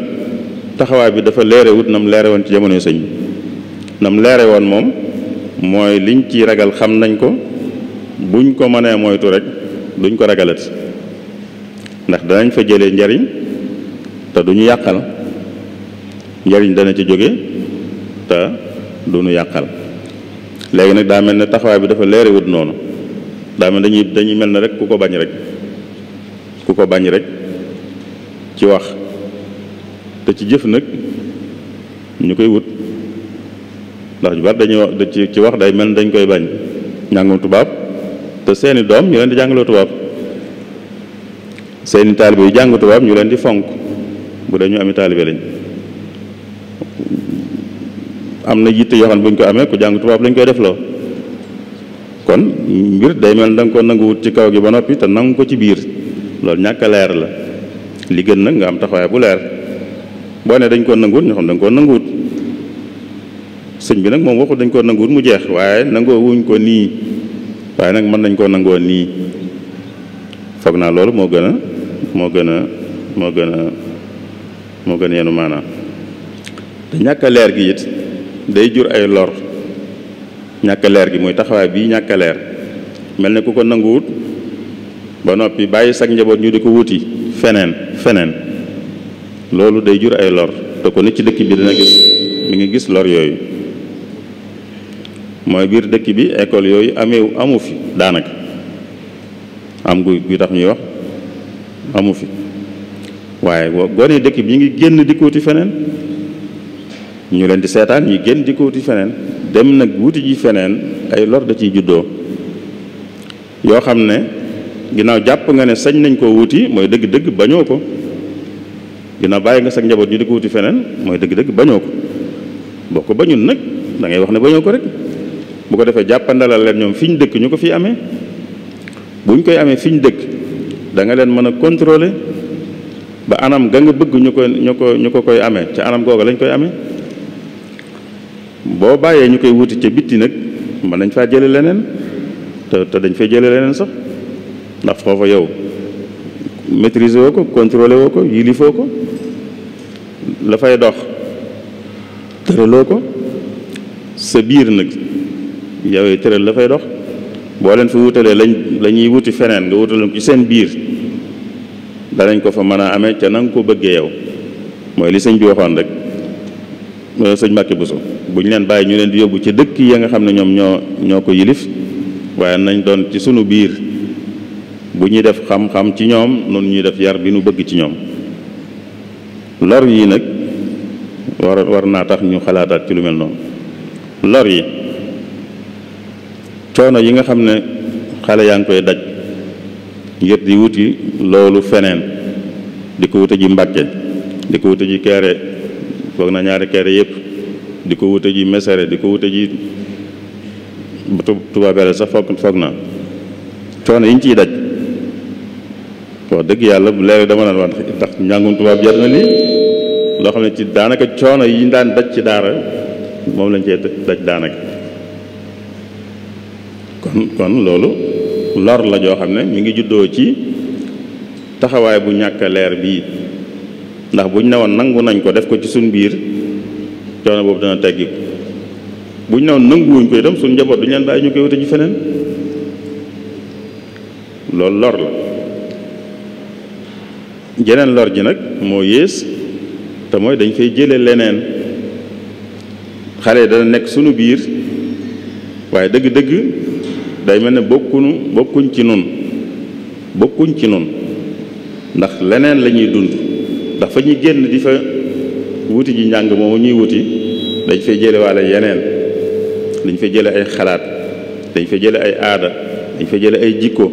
taxawaay bi dafa leere wut nam leere woon ci jamonoy sëñ bi nam leere woon moom mooy liñ ci ragal xam nañ ko buñ ko mënee moytu rek duñ ko ragalat ndax danañ fa jëlee njariñ te du ñu yàqal njariñ dana ci jóge te du ñu yàqal léegi nag daa mel ne taxawaay bi dafa leere wut noonu daa mel dañuy dañuy mel ne rek ku ko bañ rek ku ko bañ rek ci wax te ci jëf nag ñu koy wut ndax ju bari dañuy wax ci ci wax day mel dañ koy bañ njàngum tubaab te seeni doom ñu leen di jàngaloo tubaab seeni taalibe yu jàng tubaab ñu leen di fonk bu dee ñu ami taalibe lañ am na yitte yoo xam ne bu ko amee ku jàng tubaab lañ koy def defloo kon mbir day mel da nga ko nanguwut ci kaw gi ba noppi te nangu ko ci biir loolu ñàkk leer la li gën nag nga am taxawaay bu leer boo dañ koo nanguwut ñoo xam da nga nanguwut sëñ bi nag moom waxul dañ koo nanguwut mu jeex waaye nangoo wuñ ko nii waaye nag mën nañ koo nangoo nii foog naa loolu moo gën a moo gën a moo gën a moo gën yenu maanaam te ñàkk gi it day jur ay lor ñàkk gi mooy taxawaay bii ñàkk mel ne ku ko nanguwut ba noppi bàyyi sag njaboot ñu di ko wuti feneen feneen loolu day jur ay lor te ko nit ci dëkk bi dina gis mi ngi gis lor yooyu mooy biir dëkk bi école yooyu amee amu fi daanaka am guy guy tax ñuy wax amu fi waaye gone dëkk bi ñu ngi génn di ko feneen ñu leen di seetaan ñu génn di ko wuti feneen dem nag wuti ji feneen ay lor da ciy juddoo yoo xam ne ginnaaw jàpp nga ne sañ nañ koo wuti mooy dëgg-dëgg bañoo ko ginnaaw bàyyi nga sag njaboot ñu di ko wuti feneen mooy dëgg-dëgg bañoo ko boo ko bañul nag dangay wax ne bañoo ko rek bu ko defee jàppandalal leen ñoom fi ñu dëkk ñu ko fi amee bu ñu koy amee fi ñu dëkk danga leen mën a contrôler ba anam ga nga bëgg ñu ko ñu ko ñu ko koy amee ca anam googa lañ koy amee boo bàyyee ñu koy wuti ca bitti nag man nañ faa jële leneen te te dañ fay jële leneen sax ndax foofa yow maîtriser woo ko contrôler woo ko yilifoo ko la fay dox tëraloo ko sa biir nag yow tëral la fay dox boo leen fi wutalee lañ la wuti feneen nga wutal ci seen biir danañ ko fa mën a amee ca na nga ko bëggee yow mooy li sëñ bi waxoon rek sëñ Mbàkke Buso bu ñu leen bàyyi ñu leen di yóbbu ca dëkk ya nga xam ne ñoom ñoo ñoo ko yilif waaye nañ doon ci sunu biir bu ñuy def xam-xam ci ñoom noonu ñuy def yar bi nu bëgg ci ñoom lor yi nag war war naa tax ñu xalaataat ci lu mel noonu lor yi coono yi nga xam ne xale yaa ngi koy daj ngir di wuti loolu feneen di ko wute ji Mbàkke di ko wute ji Kéré foog na ñaari kere yëpp di ko wute ji Mesere di ko wute ji Touba Belel sax foog foog na coono yi ñu ciy daj wax dëgg yàlla bu leer dama naan wax ndax njàngum tubaab jar na lii loo xam ne ci daanaka coono yi ñu daan daj ci daara moom lañ cee daj daanaka kon kon loolu lor la joo xam ne ñu ngi juddoo ci taxawaay bu ñàkk leer bii ndax buñ ne woon nangu nañ ko def ko ci suñu biir coono boobu dana teggi buñ ne woon nanguwuñ ko itam suñ njaboot duñ leen bàyyi ñu koy wute ci feneen loolu lor la jeneen lor ji nag moo yées te mooy dañ fay jële leneen xale dana nekk sunu biir waaye dëgg-dëgg day mel ni bokkuñu bokkuñ ci nun bokkuñ ci nun ndax leneen la ñuy dund dafa fa génn di fa wuti ji njàng moomu ñuy wuti dañ fee jële waale yeneen dañ fay jële ay xalaat dañ fay jële ay aada dañ fay jële ay jikko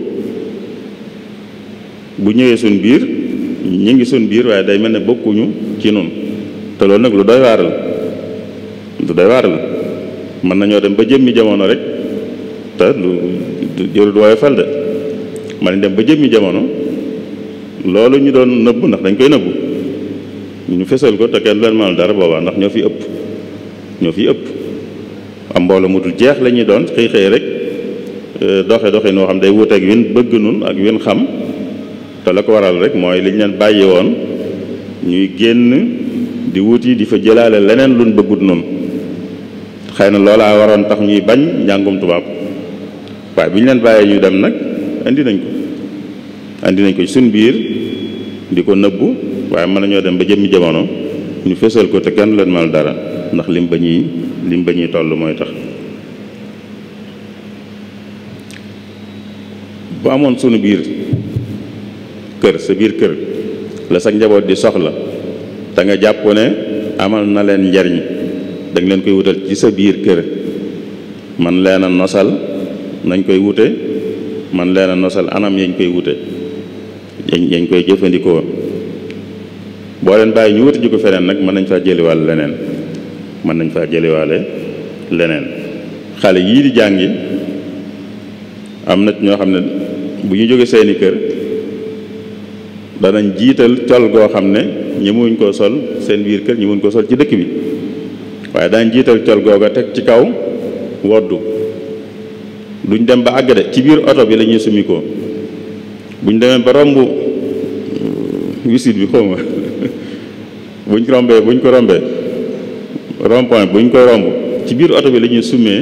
bu ñëwee suñ biir ñu ngi suñ biir waaye day mel ni bokkuñu ci nun te loolu nag lu doy waar la lu doy waar la mën nañoo dem ba jëmmi jamono rek te lu jërul waaye fal de man dem ba jëmmi jamono loolu ñu doon nëbb ndax dañ koy nëbbu ñu fesal ko te kenn leen mënal dara boobaa ndax ñoo fi ëpp ñoo fi ëpp am mbooloo mu dul jeex la ñuy doon xëy xëy rek euh, doxe doxe noo xam day wuuteeg win bëgg nun ak win xam te la ko waral rek mooy li ñu leen bàyyi woon ñuy génn di wuti di fa jëlaale leneen luñ bëggut nun xëy na loolaa waroon tax ñuy bañ njàngum tubaab waaye bi ñu leen bàyyee ñu dem nag indi nañ ko indi nañ ko suñ biir di ko nëbbu waaye mën nañoo dem ba jëmmi jamono ñu fësal ko te kenn leen mal dara ndax lim ba ñuy lim ba toll mooy tax bu amoon sunu biir kër sa biir kër la sa njaboot di soxla da nga jàpp ne amal na leen njariñ danga leen koy wutal ci sa biir kër man leen a nosal nañ koy wute man leen a nosal anam yañ koy wute yañ koy jëfandikoo boo leen bàyyi ñu wuti ji ko feneen nag mën nañ faa jëliwaale leneen mën nañ faa jëliwaale leneen xale yii di jàngi am na ñoo xam ne bu ñu jógee seeni kër danañ jiital col goo xam ne ñemewuñ koo sol seen biir kër ñemewuñ koo sol ci dëkk bi waaye danañ jiital col googa teg ci kaw woddu duñ dem ba àgg de ci biir oto bi lañuy ñuy buñ demee ba romb mm, wisit bi xaw <laughs> buñ rombee buñ ko rombee rond point buñ koy romb ci biir oto bi la ñuy summee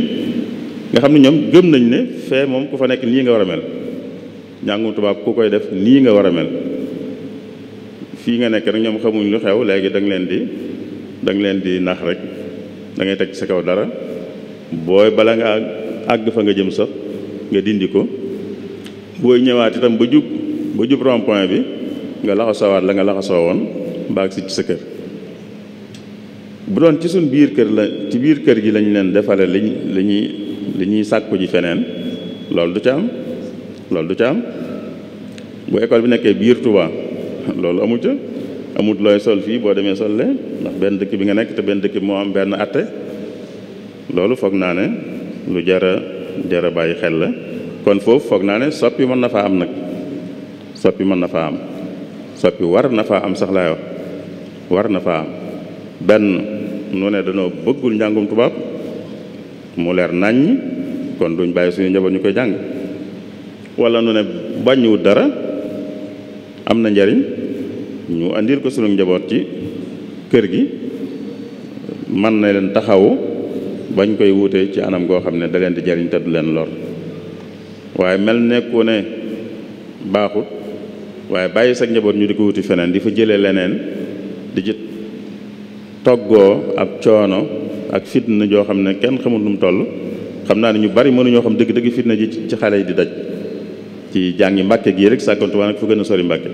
nga xam ne ñoom gëm nañ ne fee moom ku fa nekk nii nga war a mel njàngum tubaab ku koy def nii nga war a mel fii nga nekk rek ñoom xamuñ lu xew léegi da leen di da leen di nax rek dangay ngay teg ci sa kaw dara booy bala ngaa àgg fa nga jëm sax nga dindi ko booy ñëwaat itam ba jub ba jub bi nga laxasawaat la nga laxasoo woon baag si ci sa kër bu doon ci suñ biir kër la ci biir kër gi lañ leen defale liñ li ñuy li ñuy sàkku ji feneen loolu du ca am loolu du ca am bu école bi nekkee biir Touba <laughs> loolu amu ca amut looy sol fii boo demee sol ndax benn dëkk bi nga nekk te benn dëkk bi moo am benn atte loolu foog naa ne lu jara jara bàyyi xel la kon foofu foog naa ne soppi mën na faa am nag soppi mën na faa am soppi war na faa am sax laay war na fa am benn nu ne danoo bëggul njàngum tubaab mu leer nàññ kon duñ bàyyi suñu njaboot ñu koy jàng walla nu ne bañu dara am na njariñ ñu andil ko sunu njaboot ci kër gi mën na leen taxawu bañ koy wuute ci anam goo xam ne da leen di jariñ te leen lor waaye mel nekku ne baaxut waaye bàyyi sa njaboot ñu di ko wuti feneen di fa jëlee leneen di ci toggoo ab coono ak fitna joo xam ne kenn xamul nu mu toll xam naa ne ñu bari mënuñoo xam dëgg-dëgg fitna ji ci xale yi di daj ci jàngi mbàkke gii rek sàkkantuwaa nag fu gën a sori mbàkke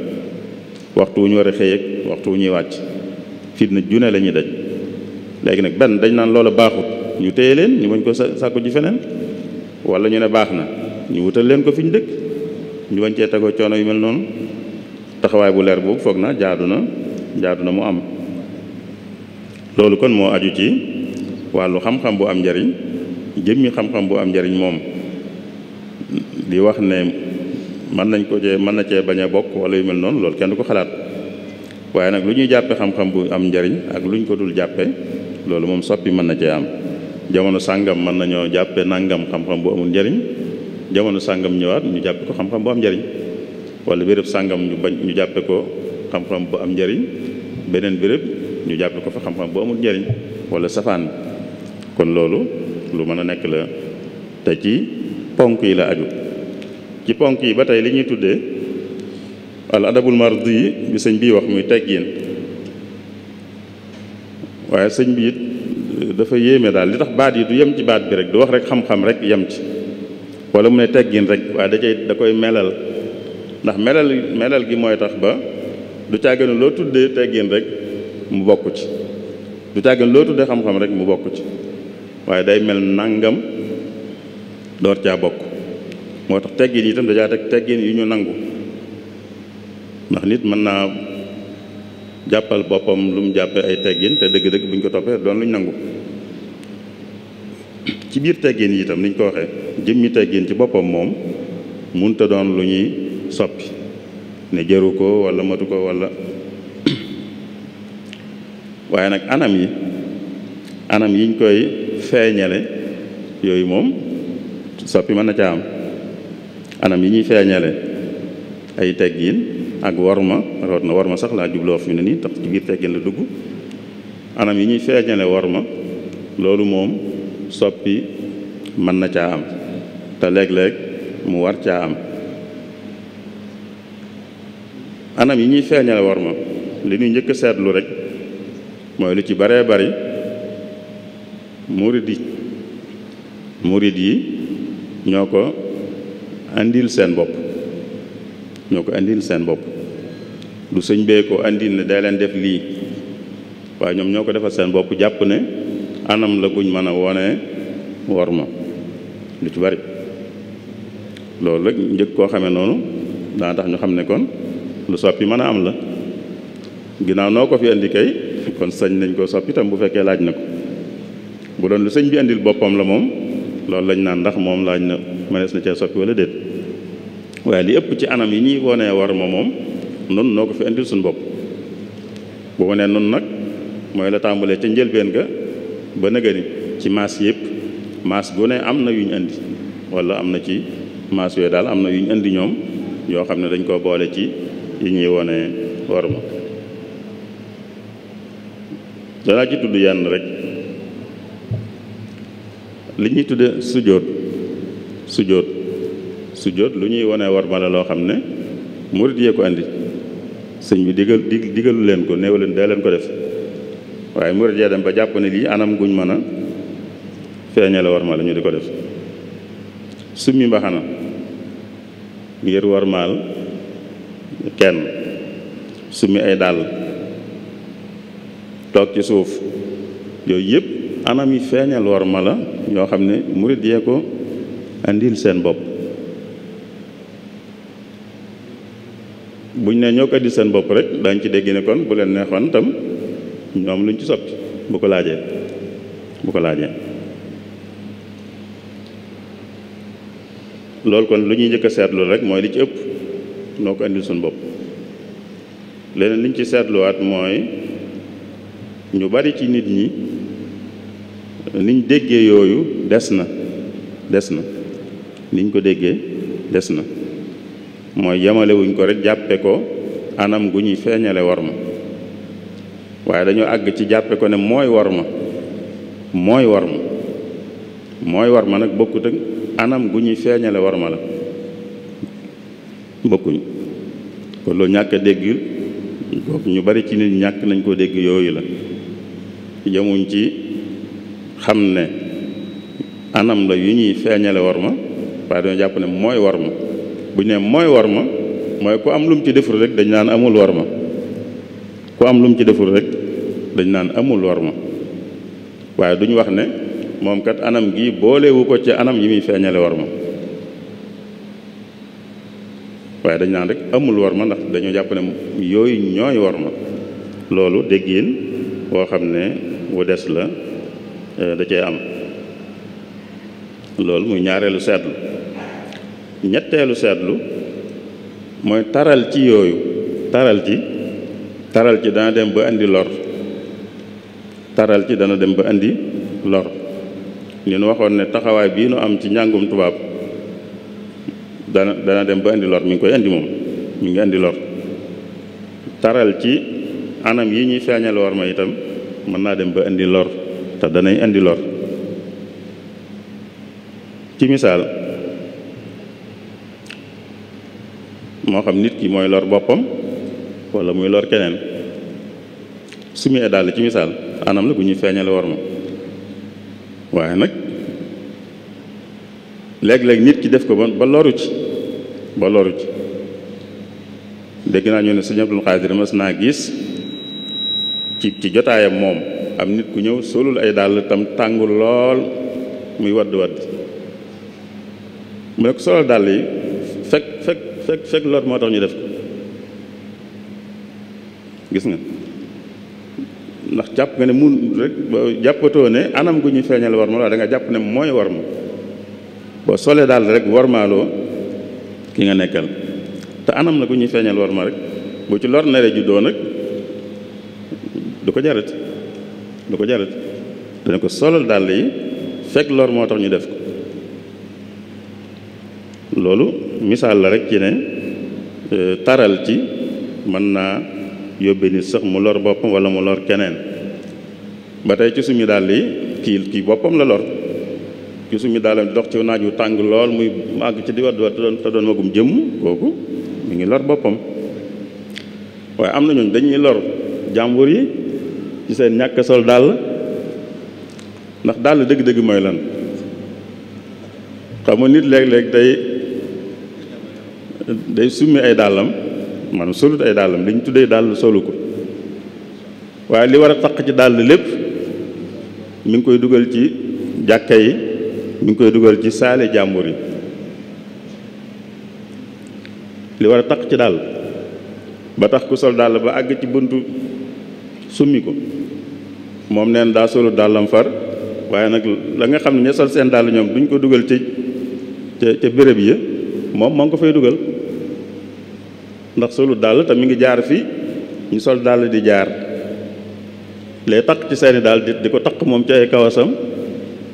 waxtu wu ñu war a xëy ak waxtu wu ñuy wàcc fitna ju ne lañuy daj léegi nag benn dañ naan loola baaxut ñu téye leen ñu bañ ko sàkku ji feneen wala ñu ne baax na ñu wutal leen ko fi ñu dëkk ñu bañ cee tegoo coono yu mel noonu taxawaay bu leer boobu foog na jaadu na jaadu na mu am loolu kon moo aju ci wàllu xam-xam bu am njariñ jëmmi xam-xam bu am njariñ moom di wax ne mën nañ ko cee mën na cee bañ a bokk wala yu mel noonu lool kenn du ko xalaat waaye nag lu ñuy jàppe xam-xam bu am njariñ ak lu ñu ko dul jàppe loolu moom soppi mën na cee am jamono sàngam mën nañoo jàppe nangam xam-xam bu amul njariñ jamono sàngam ñëwaat ñu jàppe ko xam-xam bu am njariñ wala béréb sàngam ñu bañ ñu jàppe ko xam-xam bu am njariñ beneen béréb ñu jàppe ko fa xam-xam bu njariñ wala safaan kon loolu lu mën a nekk la te ci ponk yi la aju ci ponk yi ba tey li ñuy tuddee al adabul mardi bi sëñ bii wax muy teggin waaye sëñ bi it dafa yéeme daal li tax baat yi du yem ci baat bi rek du wax rek xam-xam rek yem ci wala mu ne teggin rek waaye da cay da koy melal ndax melal melal gi mooy tax ba du càggane loo tuddee teggin rek mu bokk ci du càggane loo tuddee xam-xam rek mu bokk ci waaye day mel nangam door caa bokk moo tax teggin yi tam dajaa teg teggin yu ñu nangu ndax nit mën naa jàppal boppam lu mu jàppee ay teggin te dëgg-dëgg bu ñu ko toppee doon ñu nangu ci biir teggin yi itam ni ñu ko waxee jëmmi teggin ci boppam moom munta doon lu ñuy soppi ne jëru ko wala matu ko walla <clears throat> waaye nag anam yi anam yiñ koy feeñale yooyu moom soppi mën na ca am anam yi ñuy feeñale ay teggiin ak warma rawat na ma sax laa jubloo fi mu ne nii tax ci biir teggin la dugg anam yi ñuy feeñale ma loolu moom soppi mën na caa am te léeg-léeg mu war caa am anam yi ñuy feeñale ma li ñuy njëkk seetlu rek mooy lu ci baree bari murid yi murid yi ñoo ko indil seen bopp ñoo ko andil seen bopp lu sëñ bee ko andi ne day leen def lii waaye ñoom ñoo ko defal seen bopp jàpp ne anam la guñ mën a wone war ma lu ci bari loolu rek njëkk koo xamee noonu daa tax ñu xam ne kon lu soppi mën a am la ginnaaw noo ko fi andi kay kon sañ lañ ko soppi tam bu fekkee laaj na ko bu doon lu sëñ bi andil boppam la moom loolu lañ naan ndax moom laaj na mënees na cee soppi wala déet waaye li ëpp ci anam yi ñuy wonee war ma moom nun noo ko fi indil suñu bopp bu ma nun nag mooy la tàmbalee ca njëlbeen ga ba nëgëni ci maas yëpp maas bu am na yu ñu indi wala am na ci maas yooyu daal am na yu ñu indi ñoom yoo xam ne dañ koo boole ci yi ñuy wone war ma danaa ci tudd yenn rek li ñuy tudd sujjóot sujjóot sujjóot lu ñuy wone war ma loo xam ne murit yee ko indi sëñ bi digal leen ko néew leen daa leen ko def waaye murid ya dem ba jàpp ne lii anam guñ mën a feeñale warmaal ñu di ko def summi mbaxana ngir warmaal kenn summi ay dàll toog ci suuf yooyu yëpp anam yi feeñal warma la ñoo xam ne murid yee ko andil seen bopp buñ nee ñoo koy di seen bopp rek daañ ci dégg ne kon bu leen neexoon tam ñoom luñ ci soppi bu ko laajee bu ko laajee loolu kon lu ñuy njëkk a seetlu rek mooy li ci ëpp noo ko indi suñu bopp leneen liñ ci seetluwaat mooy ñu bari ci nit ñi niñ déggee yooyu des na des na niñ ko déggee des na mooy yamale ko rek jàppe ko anam gu ñuy feeñale war ma waaye dañoo àgg ci jàppe ko ne mooy war ma mooy war ma mooy war ma nag bokkut ak anam gu ñuy feeñale war ma la bokkuñ kon loolu ñàkk a dégg ñu bari ci nit ñàkk nañ koo dégg yooyu la yemuñ ci xam ne anam la yu ñuy feeñale war ma waaye dañoo jàpp ne mooy war ma bu ñu ne mooy war ma mooy ku am lu mu ci deful rek dañ naan amul war ma ku am lu ci deful rek dañ naan amul war waaye duñu wax ne moom kat anam gi boolewu ko ci anam yi muy feeñale war ma waaye dañ naan rek amul war ma ndax dañoo jàpp ne yooyu ñooy war ma loolu déggin boo xam ne wu des la eh, da cay am loolu muy ñaareelu seetlu ñetteelu seetlu mooy taral ci yooyu taral ci taral ci dana dem ba indi lor taral ci dana dem ba indi lor ñun waxoon ne taxawaay bii nu am ci njàngum tubaab dana dana dem ba indi lor mi ngi koy indi moom mi ngi indi lor taral ci anam yi ñuy feeñal war ma itam mën naa dem ba indi lor te danay indi lor ci misaal moo xam nit ki mooy lor boppam walla muy lor keneen su mu dàll ci misaal anam la bu ñuy feeñale war ma waaye nag léeg-léeg nit ki def ko ba ba loru ci ba loru ci dégg naa ñu ne sëñ Abdul Xaadir mas naa gis ci ci jotaayam moom am nit ku ñëw solul ay dàll tam tàngul lool muy wadd wadd mu ne solal dàll fekk fekk lor moo tax ñu def ko gis nga ndax jàpp nga ne mun rek jàppatoo ne anam gu ñuy feeñal war ma waaye da nga jàpp ne mooy war ma boo solee daal rek war maaloo ki nga nekkal te anam la gu ñuy feeñal war ma rek bu ci lor na nare juddoo nag du ko jarat du ko jarat dana ko solal dàll yi fekk lor moo tax ñu def ko loolu misaal la rek ci ne euh, taral ci mën naa yóbbe nit sax mu lor boppam wala mu lor keneen ba tey ci suñu dàll yi kii kii boppam la lor ci suñu dàllam di dox ci naaj wu tàng lool muy màgg ci di wat wat te doon magum jëmm kooku mu ngi lor boppam waaye am na ñooñ dañuy lor jàmbur yi ci seen ñàkk sol dàll ndax dàll dëgg-dëgg mooy lan xam nit léeg-léeg day day summi ay dàllam man solut ay dàllam li ñu tuddee dàll solu ko waaye li war a taq ci dàll lépp mu ngi koy dugal ci jàkka yi mi ngi koy dugal ci saali jàmbur yi li war a taq ci dàll ba tax ku sol dàll ba àgg ci buntu summi ko moom neen daa solu dàllam far waaye nag la nga xam ne ña sol seen dàll ñoom duñ ko dugal ci ca ca béréb yi moom moo ngi ko fay dugal ndax solu dàll te mi ngi jaar fi ñu sol dàll di jaar lay takk ci seeni daal di ko takk moom ci ay kawasam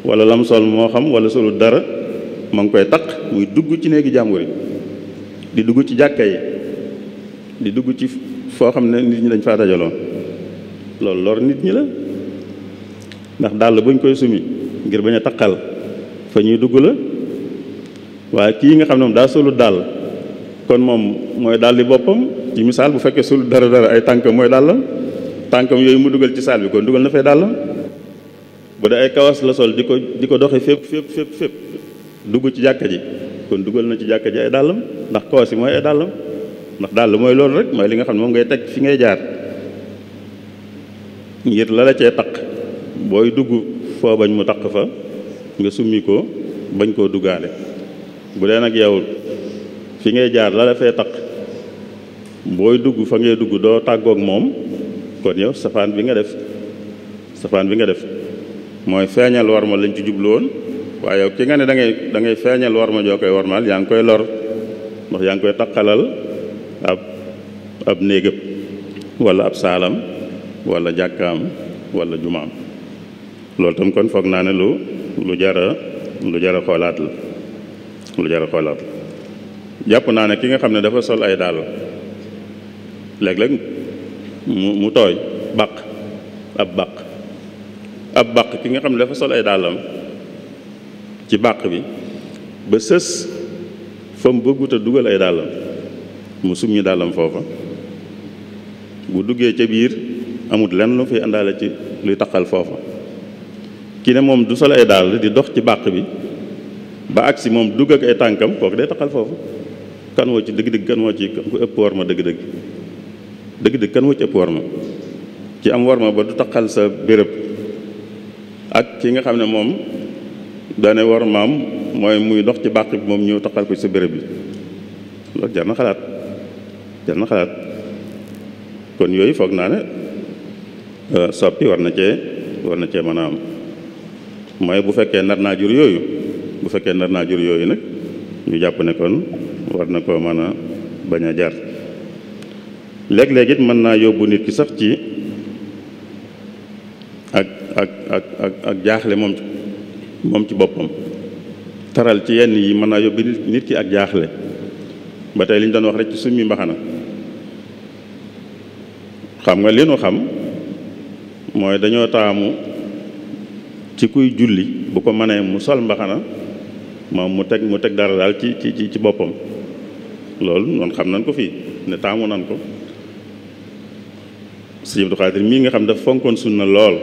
wala lam sol moo xam wala solu dara ma ngi koy takk muy dugg ci néegi jàmbur yi di dugg ci jàkka yi di dugg ci foo xam ne nit ñi dañ faa dajaloo loolu lor nit ñi la ndax dàll buñ koy sumi ngir bañ a takkal fa ñuy dugg la waaye kii nga xam ne moom daa solu dàll kon moom mooy daal di boppam ci misaal bu fekkee solu dara dara ay tànkam mooy dàllam tànkam yooyu mu dugal ci saal bi kon dugal na fay dàllam bu dee ay kawas la sol di ko di ko doxe fépp fépp fépp fépp dugg ci jàkka ji kon dugal na ci jàkka ji ay dàllam ndax kawas yi mooy ay dàllam ndax dàll mooy loolu rek mooy li nga xam ne moom ngay teg fi ngay jaar ngir la cee taq booy dugg foo bañ mu taq fa nga summi ko bañ koo duggaale bu dee nag yow fi ngay jaar la la fee booy dugg fa ngay dugg doo tàggook moom kon yow safaan bi nga def safaan bi nga def mooy feeñal war ma lañ ci jublu woon waaye yow ki nga ne dangay dangay feeñal war ma joo koy warmaal yaa ngi koy lor ndax yaa ngi koy takkalal ab ab néegam wala ab saalam walla jàkkaam walla jumaam loolu tam kon foog naa ne lu lu jara lu jara xoolaat la lu jar a xoolaat jàpp naa ne ki nga xam ne dafa sol ay dàll léeg-léeg mu tooy bàq ab bàq ab bàq ki nga xam ne dafa sol ay dàllam ci baq bi ba sës fa mu bëggut dugal ay dàllam mu summi dàllam foofa bu duggee ca biir amut lenn lu fi àndaale ci luy taqal foofa ki ne moom du sol ay dàll di dox ci bàq bi ba agsi moom dugg ak ay tànkam kooku day taxal foofu kan moo ci dëgg-dëgg kan ci ku ëpp war ma dëgg-dëgg dëgg-dëgg kan moo ci ëpp war ma ci am war ma ba sa béréb ak ki nga xam ne moom daane war maam mooy muy dox ci bàq bi moom ñëw taxal ko ci sa béréb bi loolu jar na xalaat jar na xalaat kon yooyu foog naa ne euh, soppi war na cee war na cee mën a am mooy bu fekkee nar naa jur yooyu bu fekkee nar naa jur yooyu nag ñu jàpp ne kon na koo mën a bañ a jar léeg-léeg it mën naa yóbbu nit ki sax ci ak ak ak ak ak jaaxle moom moom ci boppam taral ci yenn yi mën naa yóbbu nit ki ak jaaxle ba tey li ñu doon wax rek ci summi mbaxana xam nga li nu xam mooy dañoo taamu ci kuy julli bu ko mënee mu sol mbaxana moom mu teg mu teg dara daal ci ci ci boppam loolu noonu xam nañ ko fii ne taamu nan ko sëñ Abdou Khadir mii nga xam dafa fonkoon sun na lool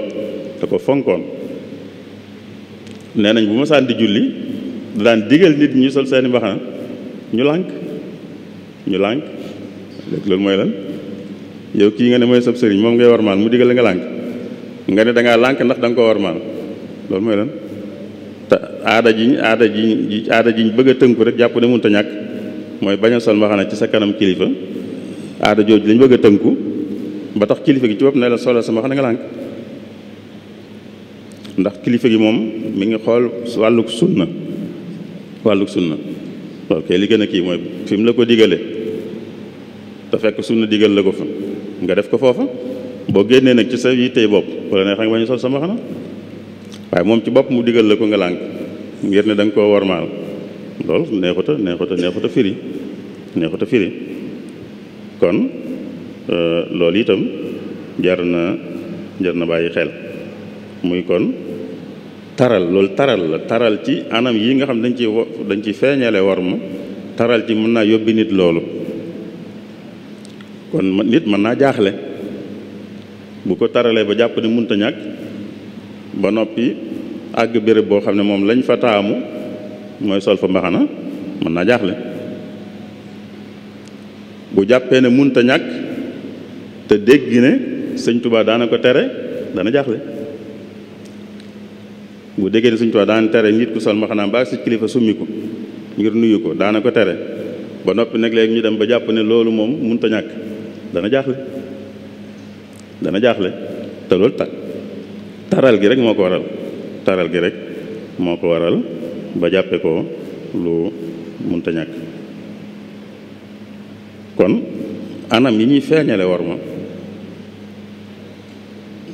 dafa fonkoon nee nañ bu ma saan julli da daan digal nit ñi sol seeni mbaxana ñu lànk ñu lànk léegi loolu mooy lan yow kii nga ne mooy sab sëriñ moom ngay warmaal mu digal nga lànk nga ne da ngaa lànk ndax da nga koo warmaal loolu mooy lan aada ji aada jiñ aada jiñ bëgg a tënku rek jàpp ne mënut a ñàkk mooy baña sol mbaxana ci sa kanam kilifa aada jooju lañ bëgg a tënku ba tax kilifa gi ci bopp ne la solal sa mbaxana nga lànk kilifa gi moom mi ngi xool wàlluk sunna wàlluk sunna li gën a kii mooy fi mu la ko digale te fekk la ko fa nga def ko foofa boo génnee nag ci sa yittey bopp walla ne xam nga bañ sol sa mbaxana waaye moom ci bopp mu digal la ko nga lànk ngir ne da nga koo wormaal loolu neexut a neexut a firi neexut a firi kon euh, loolu itam jar na jar na bàyyi xel muy kon taral loolu taral la taral ci anam yi nga xam dañ ciy dañ ciy feeñale war ma taral ci mën naa yóbbi nit loolu kon nit mën naa jaaxle bu ko taralee ba jàpp munta ñàkk ba noppi àgg béréb boo xam ne moom lañ fa taamu mooy sol fa mbaxana mën naa jaaxle bu jàppee ne munta ñàkk te dégg ne sëñ tubaa daana ko tere dana jaaxle bu déggee ne sëñ tubaa daana tere nit ku sol mbaxana mbaa si kilifa summi ko ngir nuyu ko daana tere ba noppi nag léegi ñu dem ba jàpp ne loolu moom munta ñàkk dana jaaxle dana jaaxle te loolu ta taral gi rek moo ko waral taral gi rek moo ko waral ba jàppe ko lu munta ñàkk kon anam yi ñuy feeñale war ma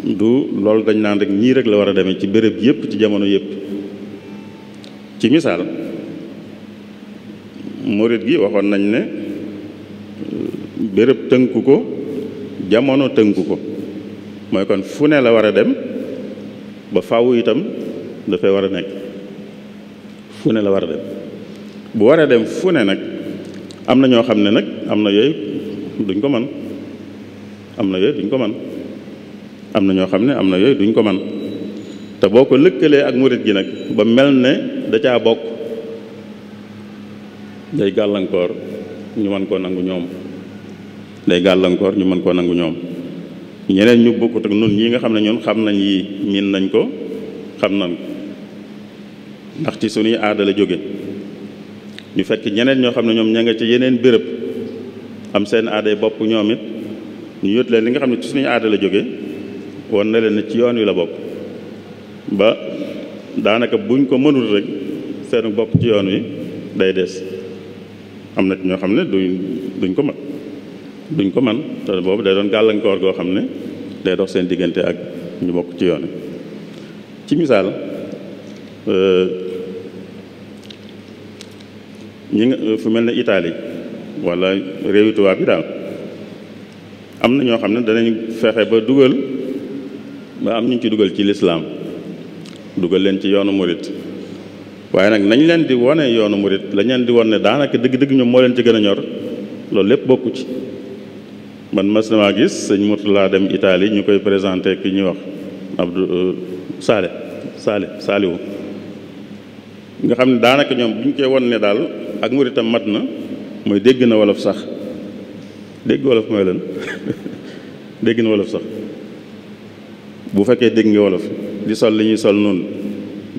du loolu dañ naan rek ñii rek la war a demee ci béréb yépp ci jamono yépp ci misaal murit gi waxoon nañ ne béréb tënku ko jamono tënku ko mooy kon fu ne la war a dem ba fawu itam dafay war a nekk fu ne la war a dem bu waree dem fu ne nag am na ñoo xam ne nag am na yooyu duñ ko man am na yooyu duñ ko man am na ñoo xam ne am na yooyu duñ ko man te boo ko lëkkalee ak murit gi nag ba mel ne da caa bokk day gàllankoor ñu mën koo nangu ñoom day gàllankoor ñu mën koo nangu ñoom ñeneen ñu bokkut ak nun ñi nga xam ne ñun xam nañ yi miin nañ ko xam nañ ndax ci sunuy aada jóge ñu fekk ñeneen ñoo xam ne ñoom ña nga ci yeneen béréb am seen aaday bopp ñoom ñu yóot leen li nga xam ne ci sunuy aada jóge woon na leen ci yoon wi la bokk ba daanaka buñ ko mënul rek seenu bopp ci yoon wi day des am na ñoo xam ne duñ duñ ko man duñ ko man te boobu day doon gàllankoor goo xam ne day dox seen diggante ak ñu bokk ci yoon wi ci misaal euh, ñi nga fu mel ne Italie walla réewi tubaab yi daal am na ñoo xam ne danañ fexe ba dugal ba am ñu ci dugal ci lislaam dugal leen ci yoonu morit waaye nag nañ leen di wone yoonu morit lañ leen di won ne daanaka dëgg-dëgg ñoom moo leen ci gën a ñor loolu lépp bokku ci man mas namaa gis sëñ Murtala dem itali ñu koy présenté ki ñuy wax Abdou Sale euh, Sale Saliou nga xam ne daanaka ñoom bu ñu koy won ne daal ak muritam mat na mooy dégg na wolof sax dégg wolof mooy lan <laughs> dégg na wolof sax bu fekkee dégg nga wolof di sol li ñuy sol noonu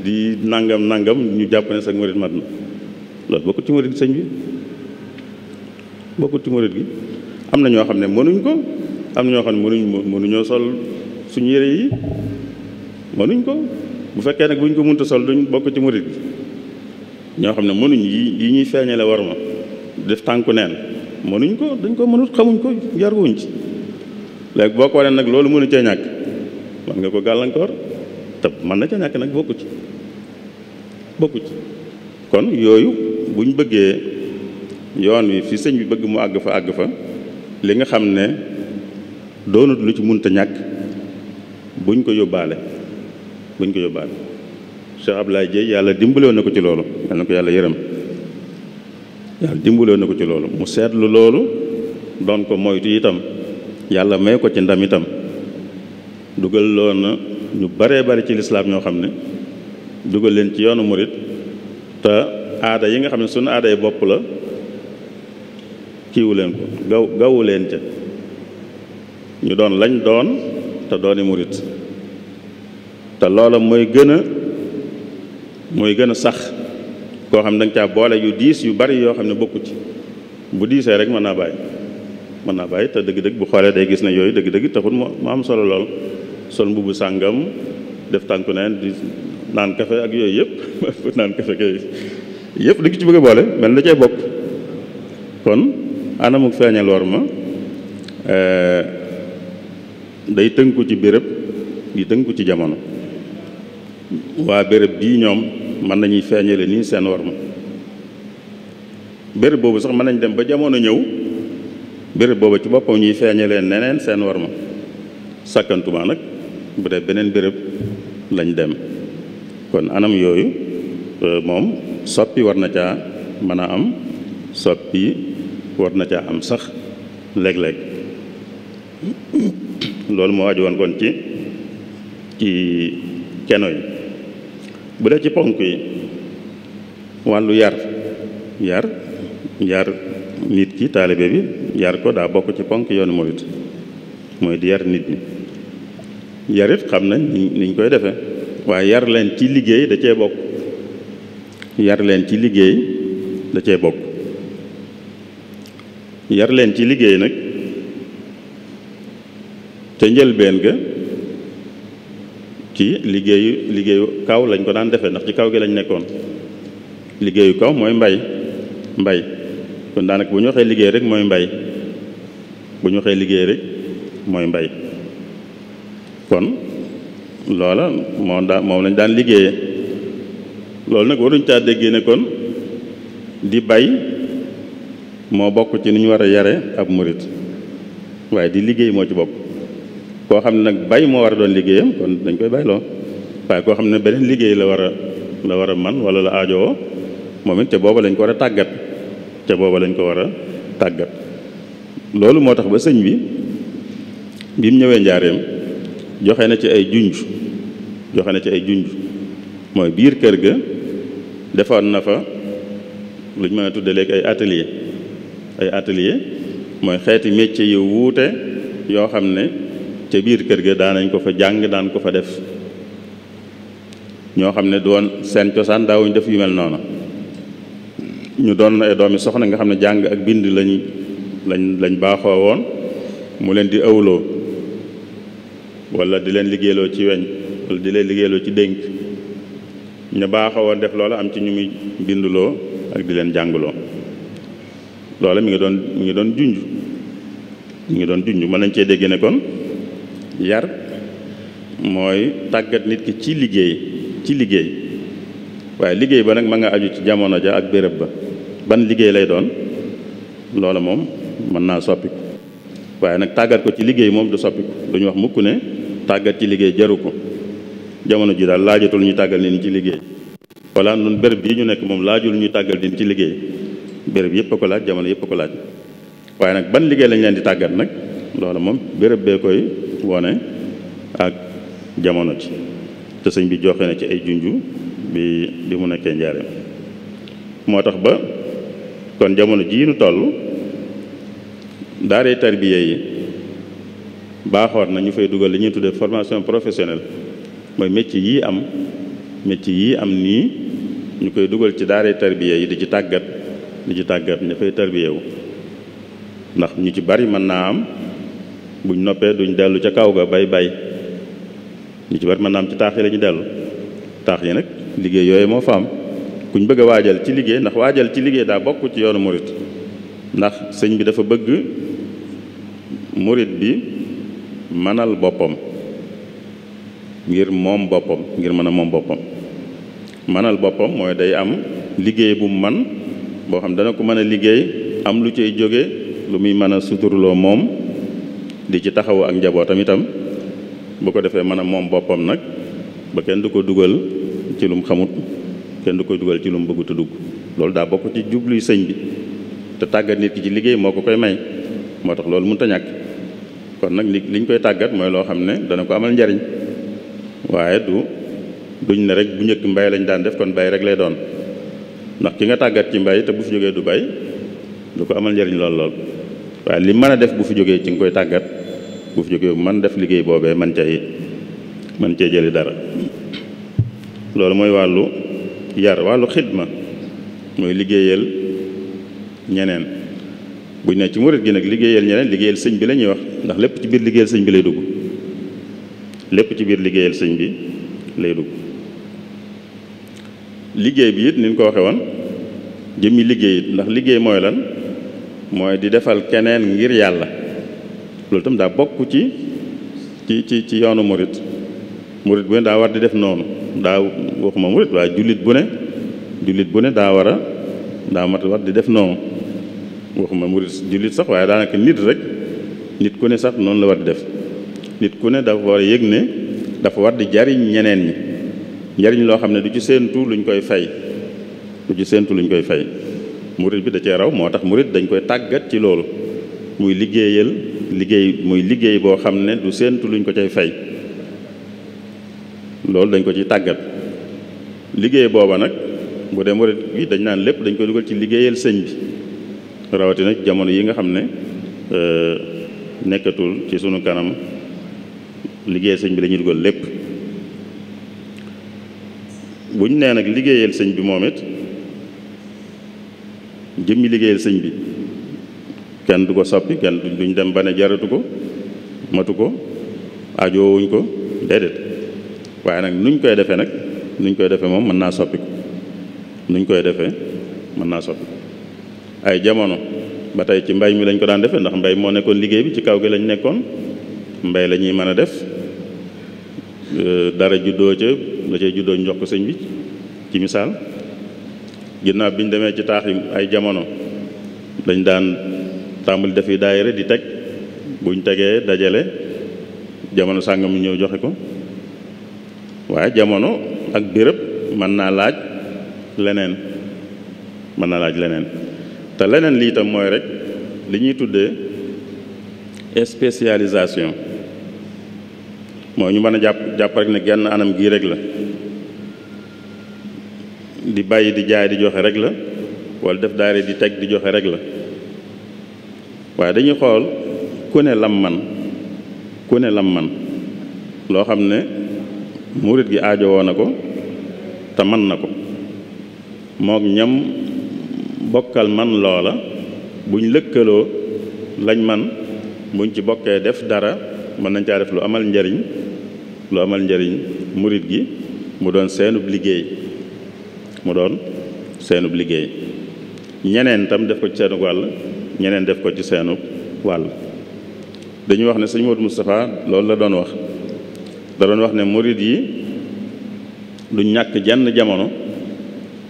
di nangam nangam ñu jàpp ne sax murit mat na loolu bokkut ci murit gi bi bokkut ci murit gi am na ñoo xam ne mënuñ ko am na ñoo xam ne mënuñ mënuñoo sol suñu yére yi mënuñ ko bu fekkee nag buñ ko munta sol duñ bokk ci murit gi ñoo xam ne mënuñ yi yi ñuy feeñale war ma def tànku neen mënuñ ko dañ ko mënut xamuñ ko yarguwuñ ci léegi boo ko waree nag loolu mënu cee ñàkk mën nga ko gàllankoor te mën na cee ñàkk nag bokku ci bokku ci kon yooyu buñ bëggee yoon wi fi sëñ bi bëgg mu àgg fa àgg fa li nga xam ne doonut lu ci munta ñàkk buñ ko yóbbaale buñ ko yóbbaale Cheikh Abdoulaye Dieye yàlla dimbalee na ko ci loolu yal na ko yàlla yërëm yàlla dimbalee na ko ci loolu mu seetlu loolu doon ko moytu itam yàlla may ko ci ndam itam dugal loo na ñu baree bari ci lislaam ñoo xam ne dugal leen ci yoonu murit te aada yi nga xam ne sunu aada bopp la kiiwu leen ko gaw gawu leen ca ñu doon lañ doon te dooni murit te loola mooy gën mooy gën a sax koo xam ne da nga caa boole yu diis yu bari yoo xam ne bokku ci bu diisee rek mën naa baay mën naa bàyyi te dëgg-dëgg bu xoolee day gis ne yooyu dëgg-dëgg taxul mu am solo lool sol mbubu sàngam def tànku ne di naan kafe ak yooyu yëpp <laughs> naan kafe kay yëpp da ci bëgg a boole mel da cee bokk kon anamu feeñal war ma eh, day tënku ci béréb di tënku ci jamono waa béréb bii ñoom mën nañuy feeñale nii seen war ma béréb boobu sax mën nañ dem ba jamono ñëw béréb boobu ci boppam ñuy feeñalee neneen seen war ma sàkkantuma nag bu dee beneen béréb lañu dem kon anam yooyu euh, moom soppi war na caa mën a am soppi war na caa am sax léeg-léeg loolu moo aju woon kon ci ci keno yi bu dee ci ponk yi wàllu yar yar yar nit ki taalibe bi yar ko daa bokk ci ponk yoonu murit mooy di yar nit ñi yar it xam nañ niñ koy defe waaye yar leen ci liggéey da cee bokk yar leen ci liggéey da cee bokk yar leen ci liggéey nag te njëlbeen ga ci liggéeyu liggéeyu kaw lañ ko daan defee ndax ci kaw gi lañ nekkoon liggéeyu kaw mooy mbay mbay kon daanaka bu liggéey rek mooy mbay bu ñu waxee liggéey rek mooy mbay kon loola moom daan moom lañ daan liggéeyee loolu nag waruñ caa déggee ne kon di bay moo bokk ci ni ñu war a yare ab murit waaye di liggéey moo ci bokk koo xam ne nag bay moo war a doon liggéeyam kon dañ koy bayloo waaye koo xam ne beneen liggéey la war la war a man wala la aajowoo moom it te booba lañ ko war a tàggat te booba lañ ko war a tàggat loolu moo tax ba sëñ bi bi ñëwee njaareem joxe na ci ay junj joxe na ci ay junj mooy biir kër ga defoon na fa lu ñu mën a tudde léegi ay atelier ay atelier mooy xeeti métier yu wuute yoo xam ne ca biir kër ga daanañ ko fa jàng daan ko fa def ñoo xam ne doon seen cosaan daawuñ def yu mel noonu ñu doon ay doomi soxna nga xam ne jàng ak bind lañ lañ lañ baaxoo woon mu leen di ëwloo walla di leen liggéeyloo ci weñ wala di leen liggéeyloo ci dénk ñu baaxoo woon def loola am ci ñu muy binduloo ak di leen jàngloo loola mi ngi doon mi ngi doon junj mu ngi doon junj mën lañ cee dégg ne yar mooy tàggat nit ki ci liggéey ci liggéey waaye liggéey ba nag ma nga aju ci jamono ja ak béréb ba ban liggéey lay doon loola moom mën naa soppiku waaye nag tàggat ko ci liggéey moom du soppiku duñu wax mukk ne tàggat ci liggéey jaru ko jamono ji daal laajatul ñu tàggal leen ci liggéey walla nun béréb bii ñu nekk moom laajul ñu tàggal leen ci liggéey béréb yëpp ko laaj jamono yëpp ko laaj waaye nag ban liggéey lañ leen di tàggat nag loola moom béréb bee koy wone ak jamono ci te sëñ bi joxe na ci ay junju bi bi mu nekkee njaareem moo tax ba kon jamono jii nu toll daaree tarbiya yi baaxoon na ñu fay dugal li ñuy tuddee formation professionnelle mooy métier yii am métier yii am nii ñu koy dugal ci daaree tarbiya yi di ci tàggat di ci tàggat ñu dafay tarbiyewu ndax ñu ci bari mën naa am bu buñ noppee duñu dellu ca kaw ga bay bay ñu ci bari ma naam ci taax yi la dellu taax yi nag liggéey yooyu moo fa am ñu bëgg a waajal ci liggéey ndax waajal ci liggéey daa bokk ci yoonu murit ndax sëñ bi dafa bëgg murit bi mënal boppam ngir moom boppam ngir mën a moom boppam mënal boppam mooy day am liggéey bu man boo xam dana ko mën a liggéey am lu cay jóge lu muy mën a suturloo moom di ci taxawu ak njabootam itam bu ko defee mën a moom boppam nag ba kenn du ko dugal ci lum xamut kenn du ko dugal ci lum bëggut dugg loolu daa bokk ci jubluy sëñ bi te tàggat nit ki ci liggéey moo ko koy may moo tax loolu mënut ñàkk kon nag li liñ koy tàggat mooy loo xam ne dana ko amal njariñ waaye du duñ ne rek bu njëkk mbay lañ daan def kon bay rek lay doon ndax ki nga tàggat ci mbay te bu fi jógee du bay du ko amal njariñ loolu lool waaye li mën a def bu fi jógee ci nga koy tàggat bu fi jógee man def liggéey boobee man cay man cee jëli dara loolu mooy wàllu yar wàllu xidma mooy liggéeyal ñeneen buñ ne ci murit gi nag liggéeyal ñeneen liggéeyal sëñ bi lañuy wax ndax lépp ci biir liggéeyal sëñ bi lay dugg lépp ci biir liggéeyal sëñ bi lay liggéey bi it ni ko waxe woon jëmmi liggéey it ndax liggéey mooy lan mooy di defal keneen ngir yàlla loolu itam daa bokk ci ci ci ci yoonu morit murit bu ne daa war di def noonu daa waxuma murit waaye jullit bu ne jullit bu ne daa war a daa mat war di def noonu waxuma murit jullit sax waaye daanaka nit rek nit ku ne sax noonu la war di def nit ku ne dafa war a yëg ne dafa war di jariñ ñeneen ñi njariñ loo xam ne du ci séentu luñ koy fay du ci séentu luñ koy fay murit bi da cee raw moo tax murit dañ koy tàggat ci loolu muy liggéeyal liggéey muy liggéey boo xam ne du séentu luñ ko cay fay loolu dañ ko ci tàggat liggéey booba nag bu dee murit bi dañ naan lépp dañ koy dugal ci liggéeyal sëñ bi rawatina jamono yi nga xam ne euh, nekkatul ci sunu kanam liggéeyal sëñ bi dañuy dugal lépp buñ nee nag liggéeyal sëñ bi moom it jëmmi liggéeyal sëñ bi kenn du ko soppi kenn duñ dem ba ne jaratu ko matu ko ajoowuñ ko déedéet waaye nag nuñ koy defee nag nuñ koy defee moom mën naa soppi ko nuñ koy defee mën naa soppi ay jamono ba tey ci mbay mi lañ ko daan defee ndax mbay moo nekkoon liggéey bi ci kaw gi lañ nekkoon mbay lañuy ñuy mën a def dara juddoo ca la ca juddoo ñu sëñ bi ci misaal ginnaaw bi ñu demee ci taax yi ay jamono dañ daan tàmbali def yi daayira di teg buñ tegee dajale jamono sàng ñu ñëw joxe ko waaye jamono ak béréb mën naa laaj leneen mën naa laaj leneen te leneen lii itam mooy rek li ñuy tuddee spécialisation mooy ñu mën a jàpp jàpp rek ne genn anam gii rek la di bàyyi di jaay di joxe rek la wala def daare di teg di joxe rek la waaye dañuy xool ku ne lam man ku ne lam man loo xam ne murit gi aajowoo na ko te man na ko mook ñam bokkal man loola buñ lëkkaloo lañ man buñ ci bokkee def dara mën nañ caa def lu amal njariñ lu amal njariñ murit gi mu doon seenub liggéey mu doon seenub liggéey ñeneen tam def ko ci seenub wàll ñeneen def ko ci seenub wàll dañuy wax ne sëñ Modou Moustapha loolu la doon wax da doon wax ne morit yi du ñàkk jenn jamono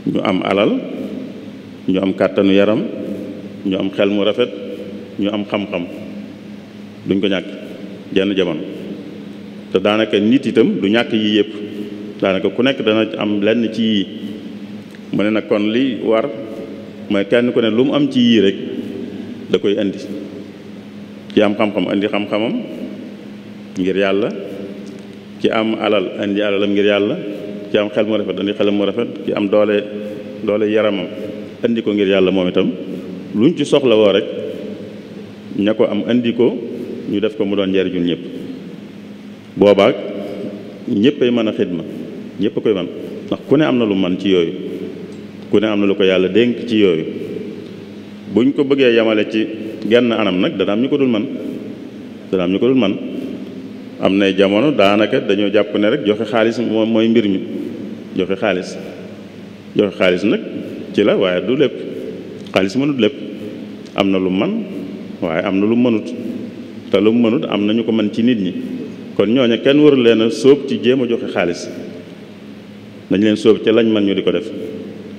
ñu am alal ñu am kàttanu yaram ñu am xel mu rafet ñu am xam-xam duñ ko ñàkk jenn jamono te daanaka nit itam du ñàkk yi yëpp daanaka ku nekk dana am lenn ci mu ne nag kon li war mooy kenn ku ne lu mu am ci yii rek da koy indi ci am xam-xam indi xam-xamam ngir yàlla ci am alal indi ngir yàlla ki am xel mu rafet indi xelam mu rafet ci am doole doole yaramam indi ko ngir yàlla moom itam luñ ci soxlawoo rek ña ko am indi ko ñu def ko mu doon njariñul ñëpp boobaag ñëpp ay mën a xidma ñëpp koy man ndax ku ne am na lu man ci yooyu ku ne am na lu ko yàlla dénk ci yooyu buñ ko bëggee yamale ci genn anam nag dana ñu ko dul man dana am ñu ko dul man am nay jamono daanaka dañoo jàpp ne rek joxe xaalis moom mooy mbir mi joxe xaalis joxe xaalis nag ci la waaye du lépp xaalis mënut lépp am na lu man waaye am na lu mënut te lu mënut am na ñu ko mën ci nit ñi kon ñooñu kenn waru leen a sóob ci jéem a joxe xaalis dañ leen sóob ci lañ man ñu di ko def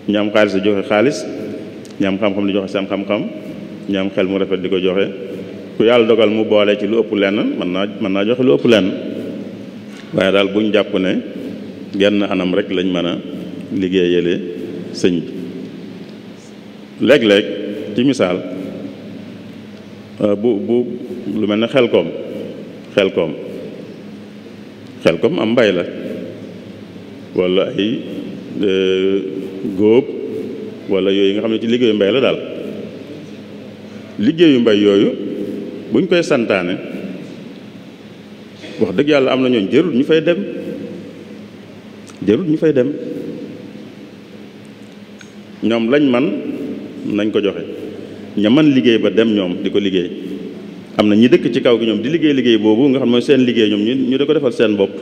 ñu am xaalis di joxe xaalis ñu xam-xam di joxe seen xam-xam ñu xel mu rafet di ko joxe ku yàlla dogal mu boole ci lu ëpp lenn mën naa mën naa joxe lu ëpp lenn waaye daal buñ jàpp ne genn anam rek lañ mën a liggéeyale sëñ bi léeg-léeg ci misaal euh, bu bu lu mel ne xel koom xel koom xel koom am mbay la walla ay euh, góob walla yooyu nga xam ne ci liggéeyu mbay la daal liggéeyu mbay yooyu buñ koy santaane wax dëgg yàlla am na ñooñ jërul ñu fay dem jërul ñu fay dem ñoom lañ man nañ ko joxe ña liggéey ba dem ñoom di ko liggéey am na ñi dëkk ci kaw gi ñoom di liggéey liggéey boobu nga xam ne seen liggéey ñoom ñu di ko defal seen bopp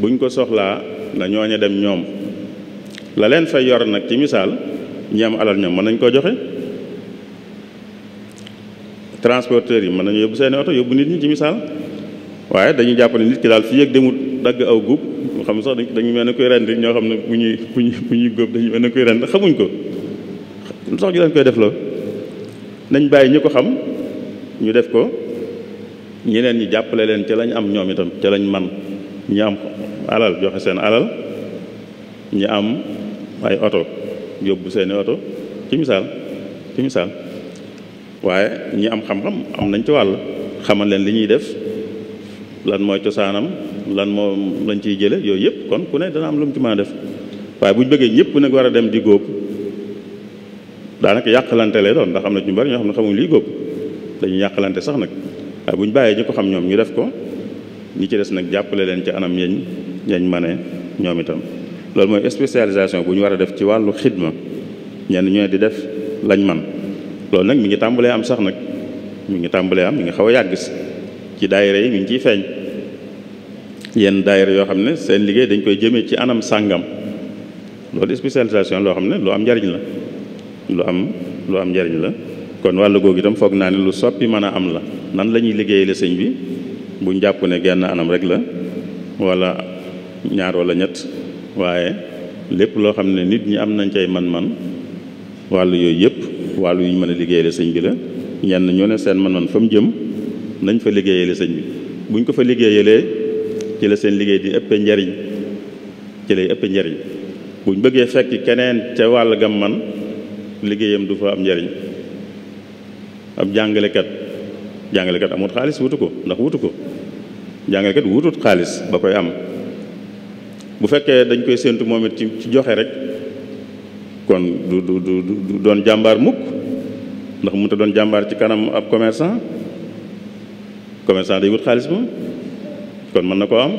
buñ ko soxlaa na ñooña dem ñoom la leen fay yor nag ci misaal ñi am alal ñoom mën nañ koo joxe transporteurs yi mën nañu yóbbu seeni oto yóbbu nit ñi ci misaal waaye dañuy jàpp ne nit ki daal fii ak demut dagg aw gub xam sax dañu mel ne kuy rend ñoo xam ne bu ñuy bu ñuy bu ñuy góob dañu mel ne kuy rend xamuñ ko lu sax ñu koy def loo nañ bàyyi ñi ko xam ñu def ko ñeneen ñi jàppale leen ca lañ am ñoom itam ca lañ man ñi am alal joxe seen alal ñi am ay oto yóbbu seeni oto ci misaal ci misaal waaye ñi am xam-xam am nañ ci wàll xamal leen li ñuy def lan mooy cosaanam lan moo lañ ciy jële yooyu yëpp kon ku ne dana am lu mu ci mën a def waaye bu ñu bëggee ñëpp nag war a dem di góob yàqalante lay ndax am na ñu bari ñoo xam ne xamuñ liy góob yàqalante sax nag waaye bu ñu bàyyee ñi ko xam ñoom ñu def ko ñu ci des nag jàppale leen ci anam yañ yañ mane ñoom itam loolu mooy spécialisation bu ñu war a def ci wàllu xidma ñenn ñoo di def lañ man loolu nag mi ngi tàmbalee am sax nag mi ngi tàmbalee am mi ngi xaw a yàgg si ci daayira yi mi ngi ciy feeñ yenn daayira yoo xam ne seen liggéey dañ koy jëmee ci anam sàngam loolu spécialisation loo xam ne lu am njariñ la lu am lu am njariñ la kon wàll googu itam foog naa ne lu soppi mën a am la nan la ñuy liggéeyee la sëñ bi buñ jàpp ne genn anam rek la walla ñaar wala ñett waaye lépp loo xam ne nit ñi am nañ cay man-man wàllu yooyu yëpp wàllu yu ñu mën a liggéeyale sëñ bi la ñenn ñoo ne seen man-man fa mu jëm nañ fa liggéeyale sëñ bi buñ ko fa liggéeyalee ci la seen liggéey di ëppee njariñ ci lay ëppee njariñ buñ bëggee fekk keneen ca wàll gam man liggéeyam du fa am njariñ ab jàngalekat jàngalekat amut xaalis wutu ko ndax wutu ko jàngalekat wutut xaalis ba koy am bu fekkee dañ koy séentu moom it ci joxe rek kon du du doon jàmbaar mukk ndax mu a doon jàmbaar ci kanam ab commerçant commerçant day wut xaalis moom kon mën na koo am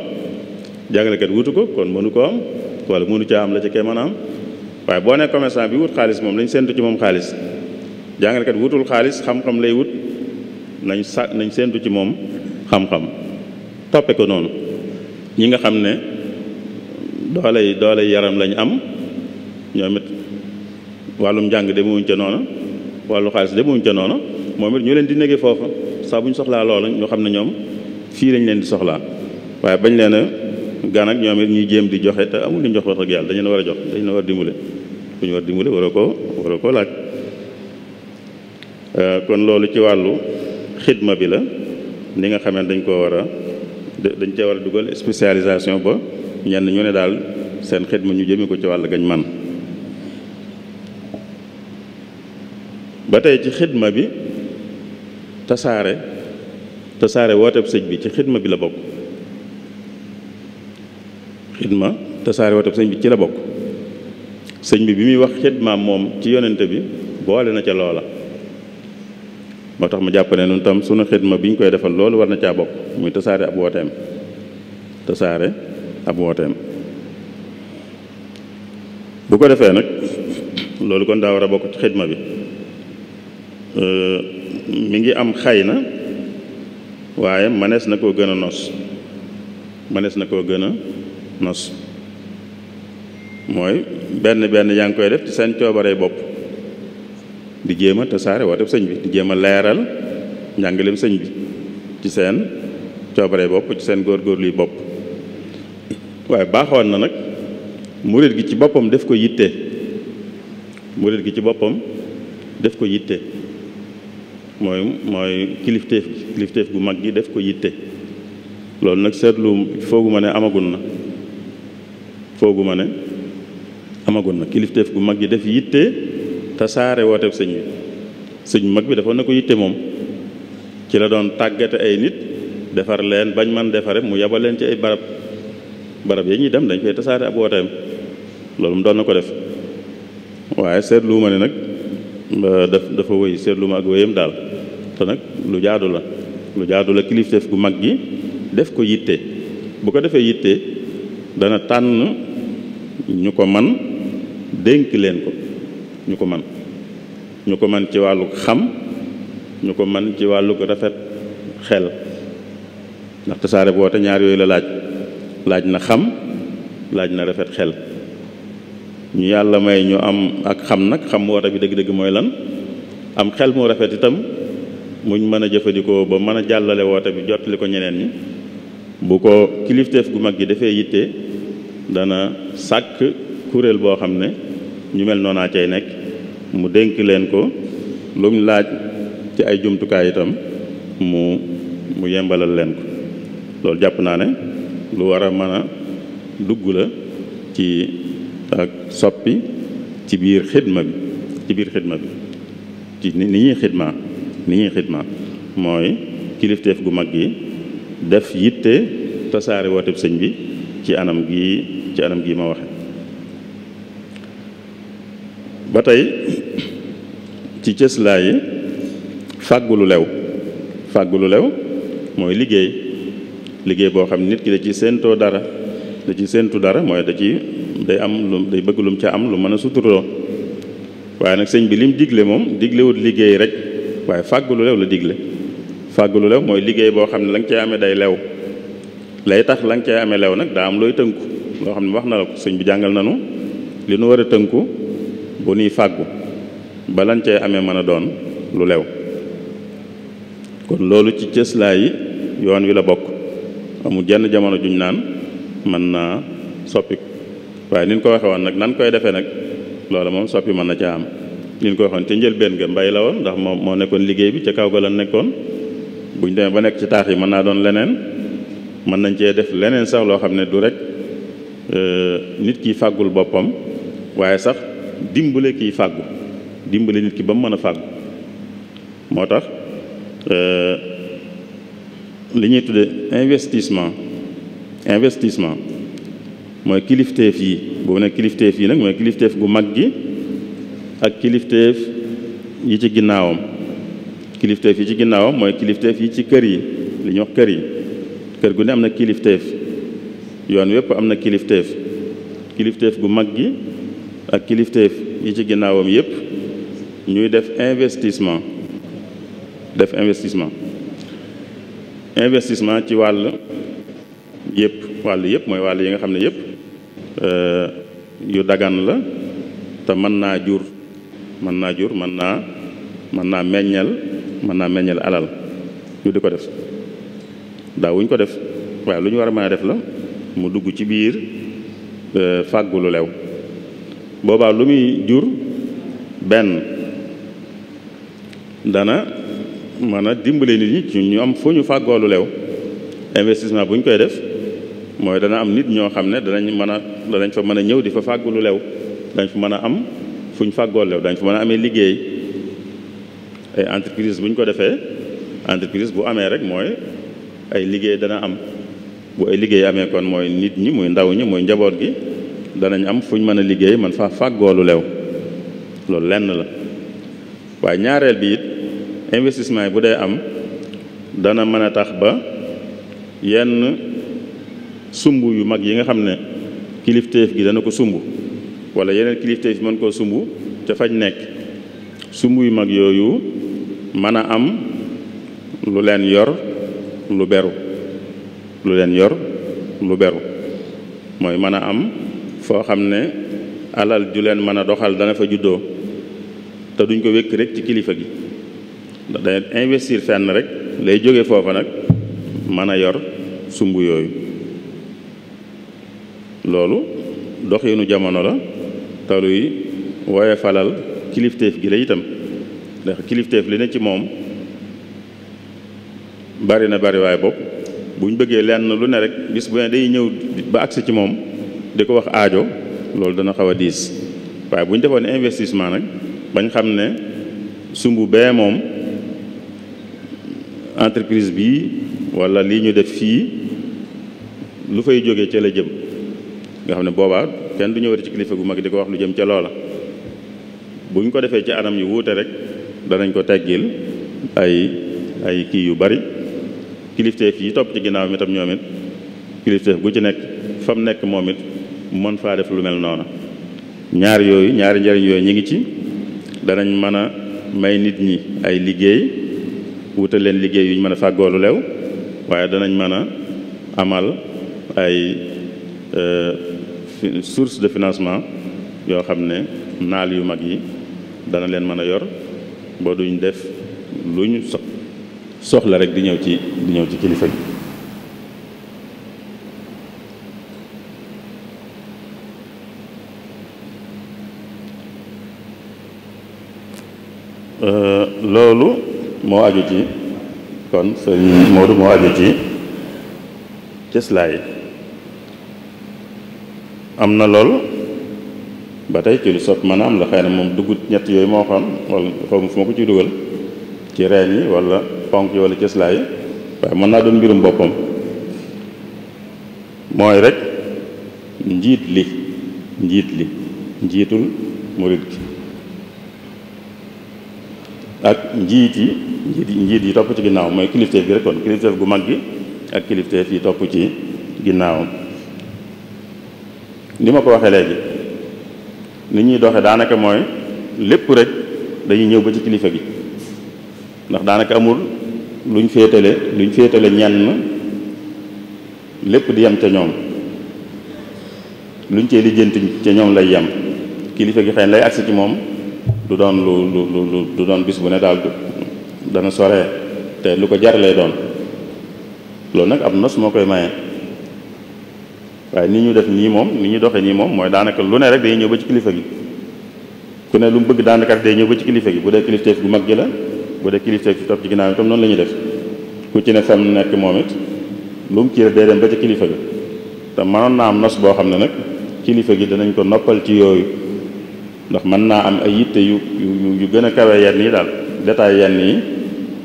jàngalekat wutu ko kon mënu ko am wala mënu caa am la ca kee waaye boo nee commerçant bi wut xaalis moom lañ séentu ci moom xaalis jàngalekat wutul xaalis xam-xam lay wut nañ sa nañ séentu ci moom xam-xam toppe ko noonu ñi nga xam ne. dooley dooley yaram lañu am ñoom it wàllum njàng demewuñ ca noona wàllu xaalis demewuñ ca noona moom it ñu leen di nege foofa sax bu ñu soxlaa loola ñu xam ne ñoom fii lañ leen di soxlaa waaye bañ leen a gan ñoom it ñuy jéem di joxe te amul lu ñu jox wax ak yàlla dañu la war a jox dañu la war a dimbale ku ñu war a dimbale waroo koo waroo laaj euh, kon loolu ci wàllu xidma bi la ni nga xamee dañ koo war a dañ cee war a dugal spécialisation ba ñenn ñu ne daal seen xidma ñu jëme ko ci wàll gañ man ba tey ci xidma bi tasaare tasaare wooteeb sëñ bi ci xidma bi la bokk xidma tasaare wooteeb sëñ bi ci la bokk sëñ bi bi muy wax xidmaam moom ci yonente bi boole na ca loola moo tax mu jàpp ne nun tam sunu xidma bi ñu koy defal loolu war na caa bokk muy tasaare ab wooteem tasaare ab wooteem bu ko defee nag loolu kon daa war a bokk ci xidma bi euh, mu ngi am xay na waaye mënees na koo gën a nos manees na koo gën a nos mooy benn benn yaa ngi koy def ci seen coobaree bopp di jéem a tasaare wooteb sëñ bi di jéem a leeral njàngaleem sëñ bi ci seen coobaree bopp ci seen góorgóorlu yi bopp waaye baaxoon na nag murit gi ci boppam def ko yitte murit gi ci boppam def ko yitte mooy mooy kilifteef gi gu mag gi def ko yitte loolu nag seetlu foogu ma ne amagun na foogu ma ne amagun na kilifteef gu mag gi def yitte tasaare wooteeb sëñ bi sëñ mag bi dafa na ko yitte moom ci la doon tàggate ay nit defar leen bañ man defare mu yebal leen ci ay barab barab yi ñuy dem dañ koy tasaare ab wooteem loolu mu doon na ko def waaye seetlu ma ne nag daf dafa wéy seetlu ma ak wéyam daal te nag lu jaadu la lu jaadu la kilif kilifteef gu mag gi def ko yitte bu ko defee yitte dana tànn ñu ko man dénk leen ko ñu ko man ñu ko man ci wàllu xam ñu ko man ci wàllu rafet xel ndax tasaare boote ñaar yooyu la laaj laaj na xam laaj na rafet xel ñu yàlla may ñu am ak xam nag xam woote bi dëgg-dëgg mooy lan am xel mu rafet itam muñ mën a jëfandikoo ba mën a jàllale woote bi jottali ko ñeneen ñi bu ko kilifteef gu mag gi dafee yitte dana sàkk kuréel boo xam ne ñu mel noonaa cay nekk mu dénk leen ko lu mu laaj ci ay jumtukaay itam mu mu yembalal leen ko loolu jàpp naa ne lu war a mën a dugg la ci ak soppi ci biir xidma bi ci biir xidma bi ci ni ñuy xidma ni ñuy xidma mooy kilifteef gu mag gi def yitte tasaare wooteb sëñ bi ci anam gi ci anam gi ma waxe ba tey <clears throat> ci cëslaa yi fàggulu lew fàggulu lew mooy liggéey liggéey boo xam nit ki da ci séentoo dara da ci séentu dara mooy da ci day am lu day bëgg lu mu ca am lu mën a suturoo waaye nag sëñ bi lim digle moom diglewut liggéey rek waaye fàggu lu lew la digle fàggu lu lew mooy liggéey boo xam ne la nga amee day lew lay tax la nga amee lew nag daa am looy tënku loo xam ne wax na ko sëñ bi jàngal nanu li nu war a tënku bu nuy fàggu ba lan cay amee mën a doon lu lew kon loolu ci cëslaay yoon wi la bokk amul jenn jamono juñ naan man naa soppi waaye ni ko waxee woon nag nan koy defee nag loola moom soppi mën na caa am. li ko waxoon ca njëlbéen nga mbay la woon ndax moom moo nekkoon liggéey bi ca kaw ga la nekkoon bu ñu demee ba nekk ci taax yi mën naa doon leneen mën nañ cee def leneen sax loo xam ne du rek euh, nit ki fàggul boppam waaye sax dimbale kiy fàggu dimbale nit ki ba mu mën a fàggu moo tax. Euh, li ñuy tudde investissement investissement mooy kilifteef yi boobu ne kilifteef yi nag mooy kilifteef gu mag gi ak kilifteef yi ci ginnaawam kilifteef yi ci ginnaawam mooy kilifteef yi ci kër yi li ñuy kër yi kër gu ne am na kilifteef yoon wépp am na kilifteef kilifteef gu mag gi ak kilifteef yi ci ginnaawam yépp ñuy def investissement def investissement investissement ci wàll yëpp wàll yëpp mooy wàll yi nga xam ne yëpp euh, yu dagan la te mën naa jur mën naa jur man naa mën naa meññal mën naa meññal alal ñu di ko def daawuñ ko def waaye lu ñu war a mën def la mu dugg ci biir euh, fàggu lu lew boobaa lu muy jur benn dana mën a dimbale nit ñi ci ñu am fu ñu fàggoo lu leew investissement bu ñu koy def mooy dana am nit ñoo xam ne danañ mën a danañ fa mën a ñëw di fa fàggu lew dañ fa mën a am fu ñu fàggoo dañ fa mën a amee liggéey ay entreprise bu ko defee entreprise bu amee rek mooy ay liggéey dana am bu ay liggéey amee kon mooy nit ñi muy ndaw ñi muy njaboot gi danañ am fu ñu mën a liggéey man faa fàggoo lu leew loolu lenn la waaye ñaareel bi it investissement yi bu dee am dana mën a tax ba yenn sumb yu mag yi nga xam ne kilifteef gi dana ko sumb wala yeneen kilifteef mën koo sumb ca fañ nekk sumb yu mag yooyu mën a am lu leen yor lu beru lu leen yor lu beru mooy mën a am foo xam ne alal ju leen mën a doxal dana fa juddoo te duñ ko wékk rek ci kilifa gi ndax day investir rek lay jóge foofa nag mën a yor sumb yooyu loolu doxinu jamono la talu yi waaye falal kilifteef gi la itam ndax kilifteef li ne ci moom bari na bari waaye bopp bu ñu bëggee lenn lu ne rek gis bu ne day ñëw ba agsi ci moom di ko wax aajo loolu dana xaw a diis waaye bu ñu defoon investissement nag bañ xam ne sumb bee moom entreprise bi wala lii ñu def fii lu fay jóge ca la jëm nga xam ne boobaat kenn du ñëwati ci kilifa gu mag di ko wax lu jëm ca loola bu ñu ko defee ci anam yu wuute rek danañ ko teggil ay ay kii yu bari kilifteef yi topp ci ginnaaw mi tam ñoom it kilifteef gu ci nekk fam nekk moom it mën faa def lu mel noona ñaar yooyu ñaari njariñ yooyu ñu ngi ci danañ mën a may nit ñi ay liggéey wutal leen liggéey yu ñu mën a fàggoo lu lew waaye danañ mën a amal ay euh, source de financement yoo xam ne naal yu mag yi dana leen mën a yor boo duñ def lu ñu soxla rek di ñëw ci di ñëw ci kilifa gi euh, loolu moo aju ci kon sëriñ Modou moo aju ci cëslaay am na lool ba tey ci lu sot am la xëy na moom dugg ñett yooyu moo xam wala xaw fu ma ko ciy dugal ci reen yi wala ponk yi wala cëslaay waaye mën naa doon mbirum boppam mooy rek njiit li njiit li njiitul murid gi ak njiit yi njiit yi njiit yi topp ci ginnaaw mooy kilifteef gi rek kilifteef gu mag gi ak kilifteef yi topp ci ginnaawam ni ma ko waxee léegi ni ñuy doxe daanaka mooy lépp rek dañuy ñëw ba ci kilifa gi ndax daanaka amul luñ féetale luñ féetale ñenn lépp di yem ca ñoom luñ cee lijjanti ca ñoom lay yem kilifa gi xay lay agsi ci moom du doon lu lu lu doon bis bu ne daal dana sore te lu ko jar doon loolu nag am nos moo koy maye waaye ni ñu def nii moom ni ñu doxee nii moom mooy daanaka lu ne rek day ñëw ba ci kilifa gi ku ne lu bëgg daanaka day ci kilifa gi bu dee kilifteef gu mag gi la bu dee kilifteef ci topp noonu la ñuy def ku moom it lu mu kii ba ci kilifa gi te mënoon naa am nos boo xam ne nag kilifa gi danañ ko noppal ci yooyu. ndax mën naa am ay yitte yu yu yu gën a kawe yenn yi daal détail yenn yi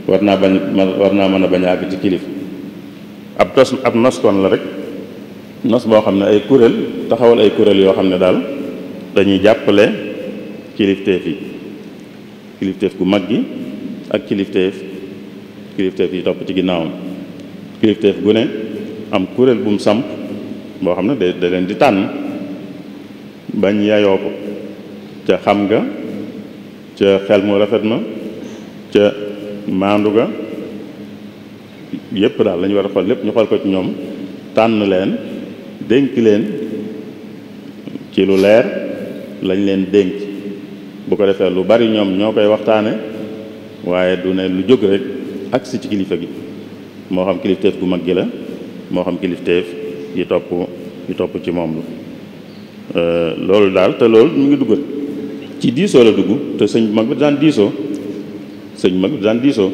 war naa bañ war naa mën a bañ a àgg ci kilif ab tos ab nos kon la rek nos boo xam ne ay kuréel taxawal ay kuréel yoo xam ne daal dañuy jàppale kilifteef yi kilifteef gu mag gi ak kilifteef kilifteef yi topp ci ginnaawam kilifteef gu ne am kuréel bum mu boo xam ne da leen di tànn bañ yayoo ko ca xam nga ca xel mu rafet na ca maandu ga yépp daal lañu ñu war a xool lépp ñu xool ko ci ñoom tànn leen dénk leen ci lu leer lañ leen dénk bu ko defee lu bari ñoom ñoo koy waxtaane waaye du ne lu jóg rek agsi ci kilifa gi moo xam kilifteef gu mag gi la moo xam kilifteef gi topp yi topp ci moom la euh, loolu daal te loolu mu ngi duggal ci diisoo la dugg te sëñ bu mag bi daan diisoo sëñ mag bi daan diisoo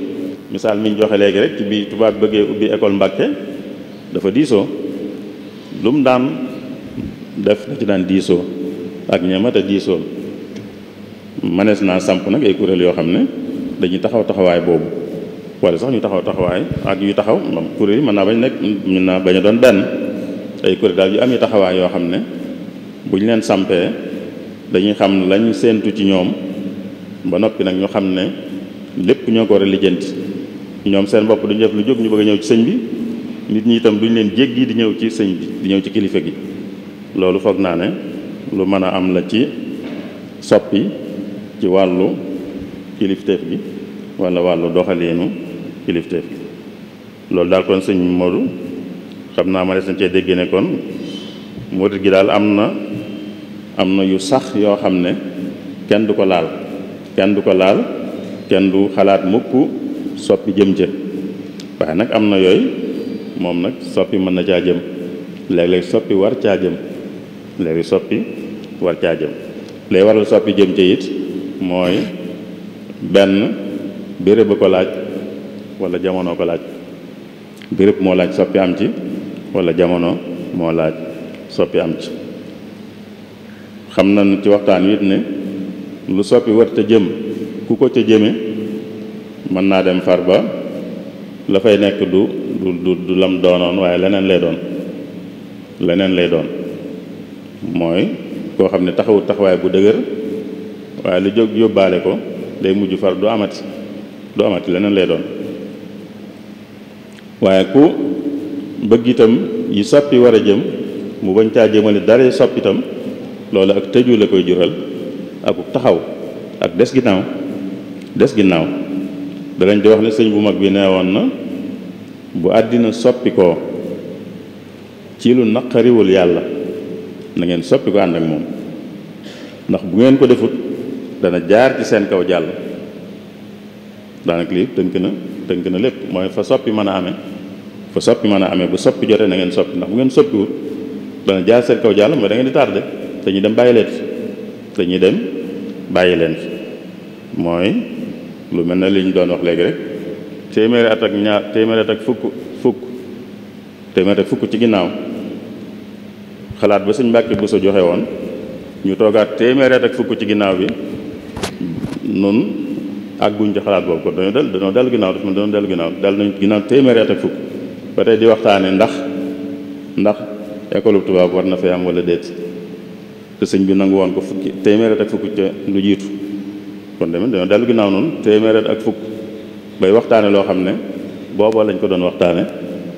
misaal mi ñu joxe léegi rek ci bi tubaab bëggee ubbi école Mbàkke dafa diisoo lu mu daan def da ci daan diisoo ak ñamata diisoo manees naa samp nag ay kuréel yoo xam ne dañuy taxaw taxawaay boobu wala sax ñu taxaw taxawaay ak yu taxaw moom kuréel yi mën naa bañ nekk mën naa bañ a doon benn ay kuréel daal yu am yi taxawaay yoo xam ne bu ñu leen sampee dañuy xam lañu séentu ci ñoom ba noppi nag ñu xam ne lépp ñoo ko war ñoom seen bopp duñu def lu jóg ñu bëgg a ñëw ci sëñ bi nit ñi itam duñ leen jéggi di ñëw ci sëñ bi di ñëw ci kilifa gi loolu foog naa ne lu mën a am la ci soppi ci wàllu kilifteef bi walla wàllu doxaliinu kilifteef bi loolu daal kon sëñ Modou xam naa ma des na cee dégg ne kon murit gi daal am na am na yu sax yoo xam ne kenn du ko laal kenn du ko laal kenn du xalaat mukk soppi jëm jë waaye nag am na yooyu moom nag soppi mën na caa jëm léeg-léeg soppi war caa jëm léegi soppi war caa jëm lay waral soppi jëm ca it mooy benn béréb ko laaj walla jamono ko laaj béréb moo laaj soppi am ci wala jamono moo laaj soppi am ci xam nañu ci waxtaan wi it lu soppi war te jëm ku ko ca jëme mën naa dem far ba la fay nekk du du du lam doonoon waaye leneen lay doon leneen lay doon mooy koo xam ne taxawut taxawaay bu dëgër waaye lu jóg yóbbaale ko day mujj far du amati du amati leneen lay doon waaye ku bëgg itam yi soppi war a jëm mu bañ caa jëmale dara soppitam loolu ak tëju la koy jural aku taxaw ak des ginnaaw des ginnaaw danañ di wax ne sëñ bu mag bi woon na bu àddina soppi ko ci lu naqariwul yàlla na ngeen soppi ko ànd ak moom ndax bu ngeen ko defut dana jaar ci seen kaw jàll daanaka lii tënk na tënk na lépp mooy fa soppi mën a amee fa soppi mën a ame bu soppi jotee na ngeen soppi ndax bu ngeen soppiwut dana jaar seen kaw jàll mooy dangeen ngeen di tardé dañuy dem bàyyi leen dañuy dem bàyyi leen mooy lu mel ne li ñu doon wax léegi rek téeméeri at ak ñaar téeméeri at ak fukk fukk téeméeri at ak fukk ci ginnaaw xalaat ba suñ Mbàkke bu sa joxe woon ñu toogaat téeméeri at ak fukk ci ginnaaw bi nun àgguñ ci xalaat boobu kon dañoo del dañoo dellu ginnaaw daf ma dañoo dellu ginnaaw dal nañ ginnaaw téeméeri at ak fukk ba tey di waxtaane ndax ndax école tubaab war na fay am wala déet te sëñ bi nangu woon ko fukki téeméeret ak fukk ca lu jiitu kon demee dañoo dellu ginnaaw noonu téeméeret ak fukk bay waxtaane loo xam ne booba lañ ko doon waxtaane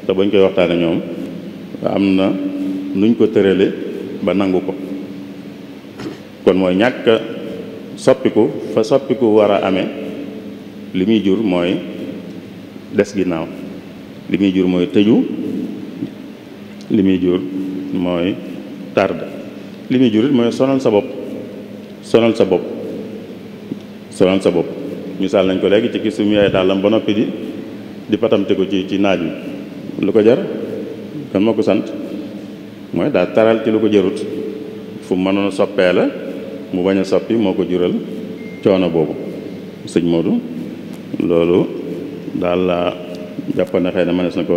te bañ koy waxtaane ñoom am na nuñ ko tërale ba nangu ko kon mooy ñàkk soppiku fa soppiku war a amee li muy jur mooy des ginnaaw li muy jur mooy tëju li muy jur mooy tarde li muy jurit mooy sonal sa bopp sonal sa bopp sonal sa bopp misaal nañ ko léegi ci ki sumu yaay dàllam ba noppi di di patamte ko ci ci naaj wi lu ko jar kan moo ko sant mooy daal taral ci lu ko jarut fu mu mënoon soppee la mu bañ a soppi moo ko jural coono boobu sëñ Modou loolu daal la jàpp ne xëy na mënees na ko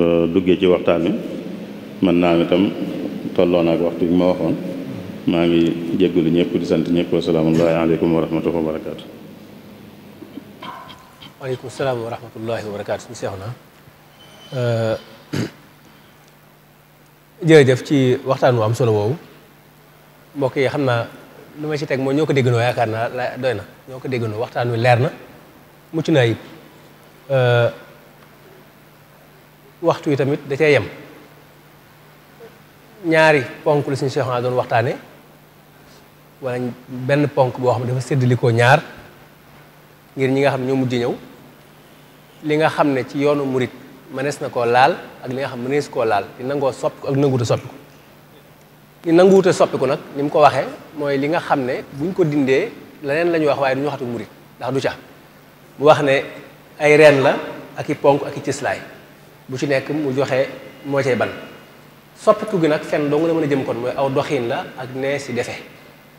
euh, duggee ci waxtaan wi mën naa itam tolloo naag waxtu bi ma waxoon maa ngi jéggulu ñëpp di sant ñëpp wasalaamualeykum wa rahmatulah wa barakaatu. waaleykum salaam wa rahmatullahi wa na jërëjëf ci waxtaan wu am solo woowu mbokk yi xam naa lu ma ci teg mooy ñoo ko déggandoo yaakaar naa la doy na ñoo ko déggandoo waxtaan wi leer na mucc naa yib waxtu yi tamit da yem. ñaari ponk la suñu Cheikh doon waxtaane wala benn ponk boo xam ne dafa séddali ko ñaar ngir ñi nga xam ne ñoo mujj ñëw li nga xam ne ci yoonu murit mënees na koo laal ak li nga xam ne mënees koo laal di nangoo soppiku ak nanguwuta soppiku li nanguwuta soppiku nag ni mu ko waxee mooy li nga xam ne buñ ko dindee leneen la ñuy wax waaye du ñu waxatu murit ndax du ca mu wax ne ay reen la ak i ponk ak i cëslaay bu ci nekk mu joxee moo cay ban soppiku gi nag fenn doo nga mën a jëm kon mooy aw doxiin la ak nee si defe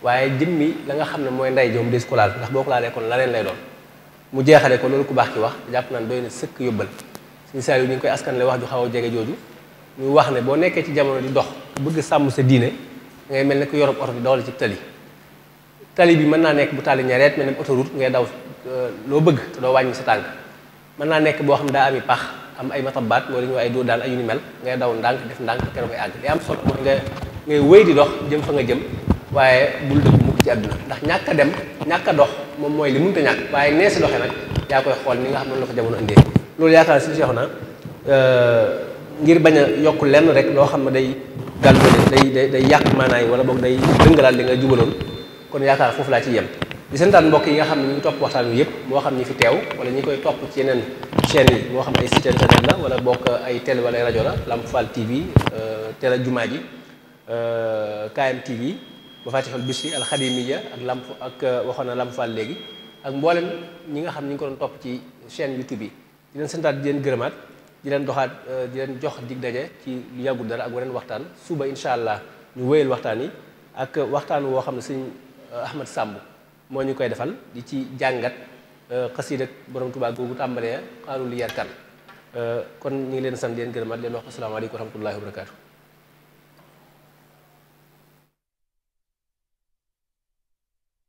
waaye jëmmi la nga xam ne mooy nday joom des ko laal ndax boo ko laalee kon laneen lay doon mu jeexale ko loolu ku baax ki wax jàpp naan dooy na sëkk yóbbal suñu saa yi ñu ngi koy askan la wax ju xaw a jege jooju ñu wax ne boo nekkee ci jamono di dox bëgg sàmm sa diine ngay mel ne ku yorob oto di dawal ci tali tali bi mën naa nekk bu tali ñareet mel ne autoroute ngay daw euh, loo bëgg te doo sa tànk mën am ay matabaat moo li ñu wax ay dóor daan ay yu ni mel ngay daw ndànk def ndànk kenn koy àgg li am nga ngay wéy di dox jëm fa nga jëm waaye bul dëgg mukk ci àdduna ndax ñàkk dem ñàkk dox moom mooy li mënta ñàkk waaye nee si doxee nag yaa koy xool ni nga xam noonu la ko jamono indee loolu yaakaar si Cheikh na euh, ngir bañ a yokk lenn rek loo xam ne day gàllu day day day yàq maanaay wala boog day dëngalaat li nga jubaloon kon yaakaar foofu laa ci yem di santaan mbokk yi nga xam ne ñu ngi topp waxtaan wi yëpp moo xam ñi fi teew wala ñi koy topp ci yeneen chaîne yi xam ay site internet la wala bokk ay télé wala ay rajo la Lamp Fall TV euh, télé jumaa ji euh, KM TV ba fatixul bisri al xadimiya ak lamp ak euh, waxoon na Lamp léegi ak mboolem ñi nga xam ni ñu ko doon topp ci chaîne YouTube yi di leen santaat di gërëmaat di leen doxaat di leen jox dig daje ci lu yàggul dara ak weneen waxtaan suba incha allah ñu wéyal waxtaan yi ak waxtaan woo xam ne sëñ Ahmad Samb moo ñu koy defal di ci jàngat euh, xasiid ak borom Tuubaa googu tàmbalee xaalu li yarkan euh, kon ñu ngi leen sant leen gërëmaat leen wax asalaamaaleykum wa rahmatullahi wa barakaatu.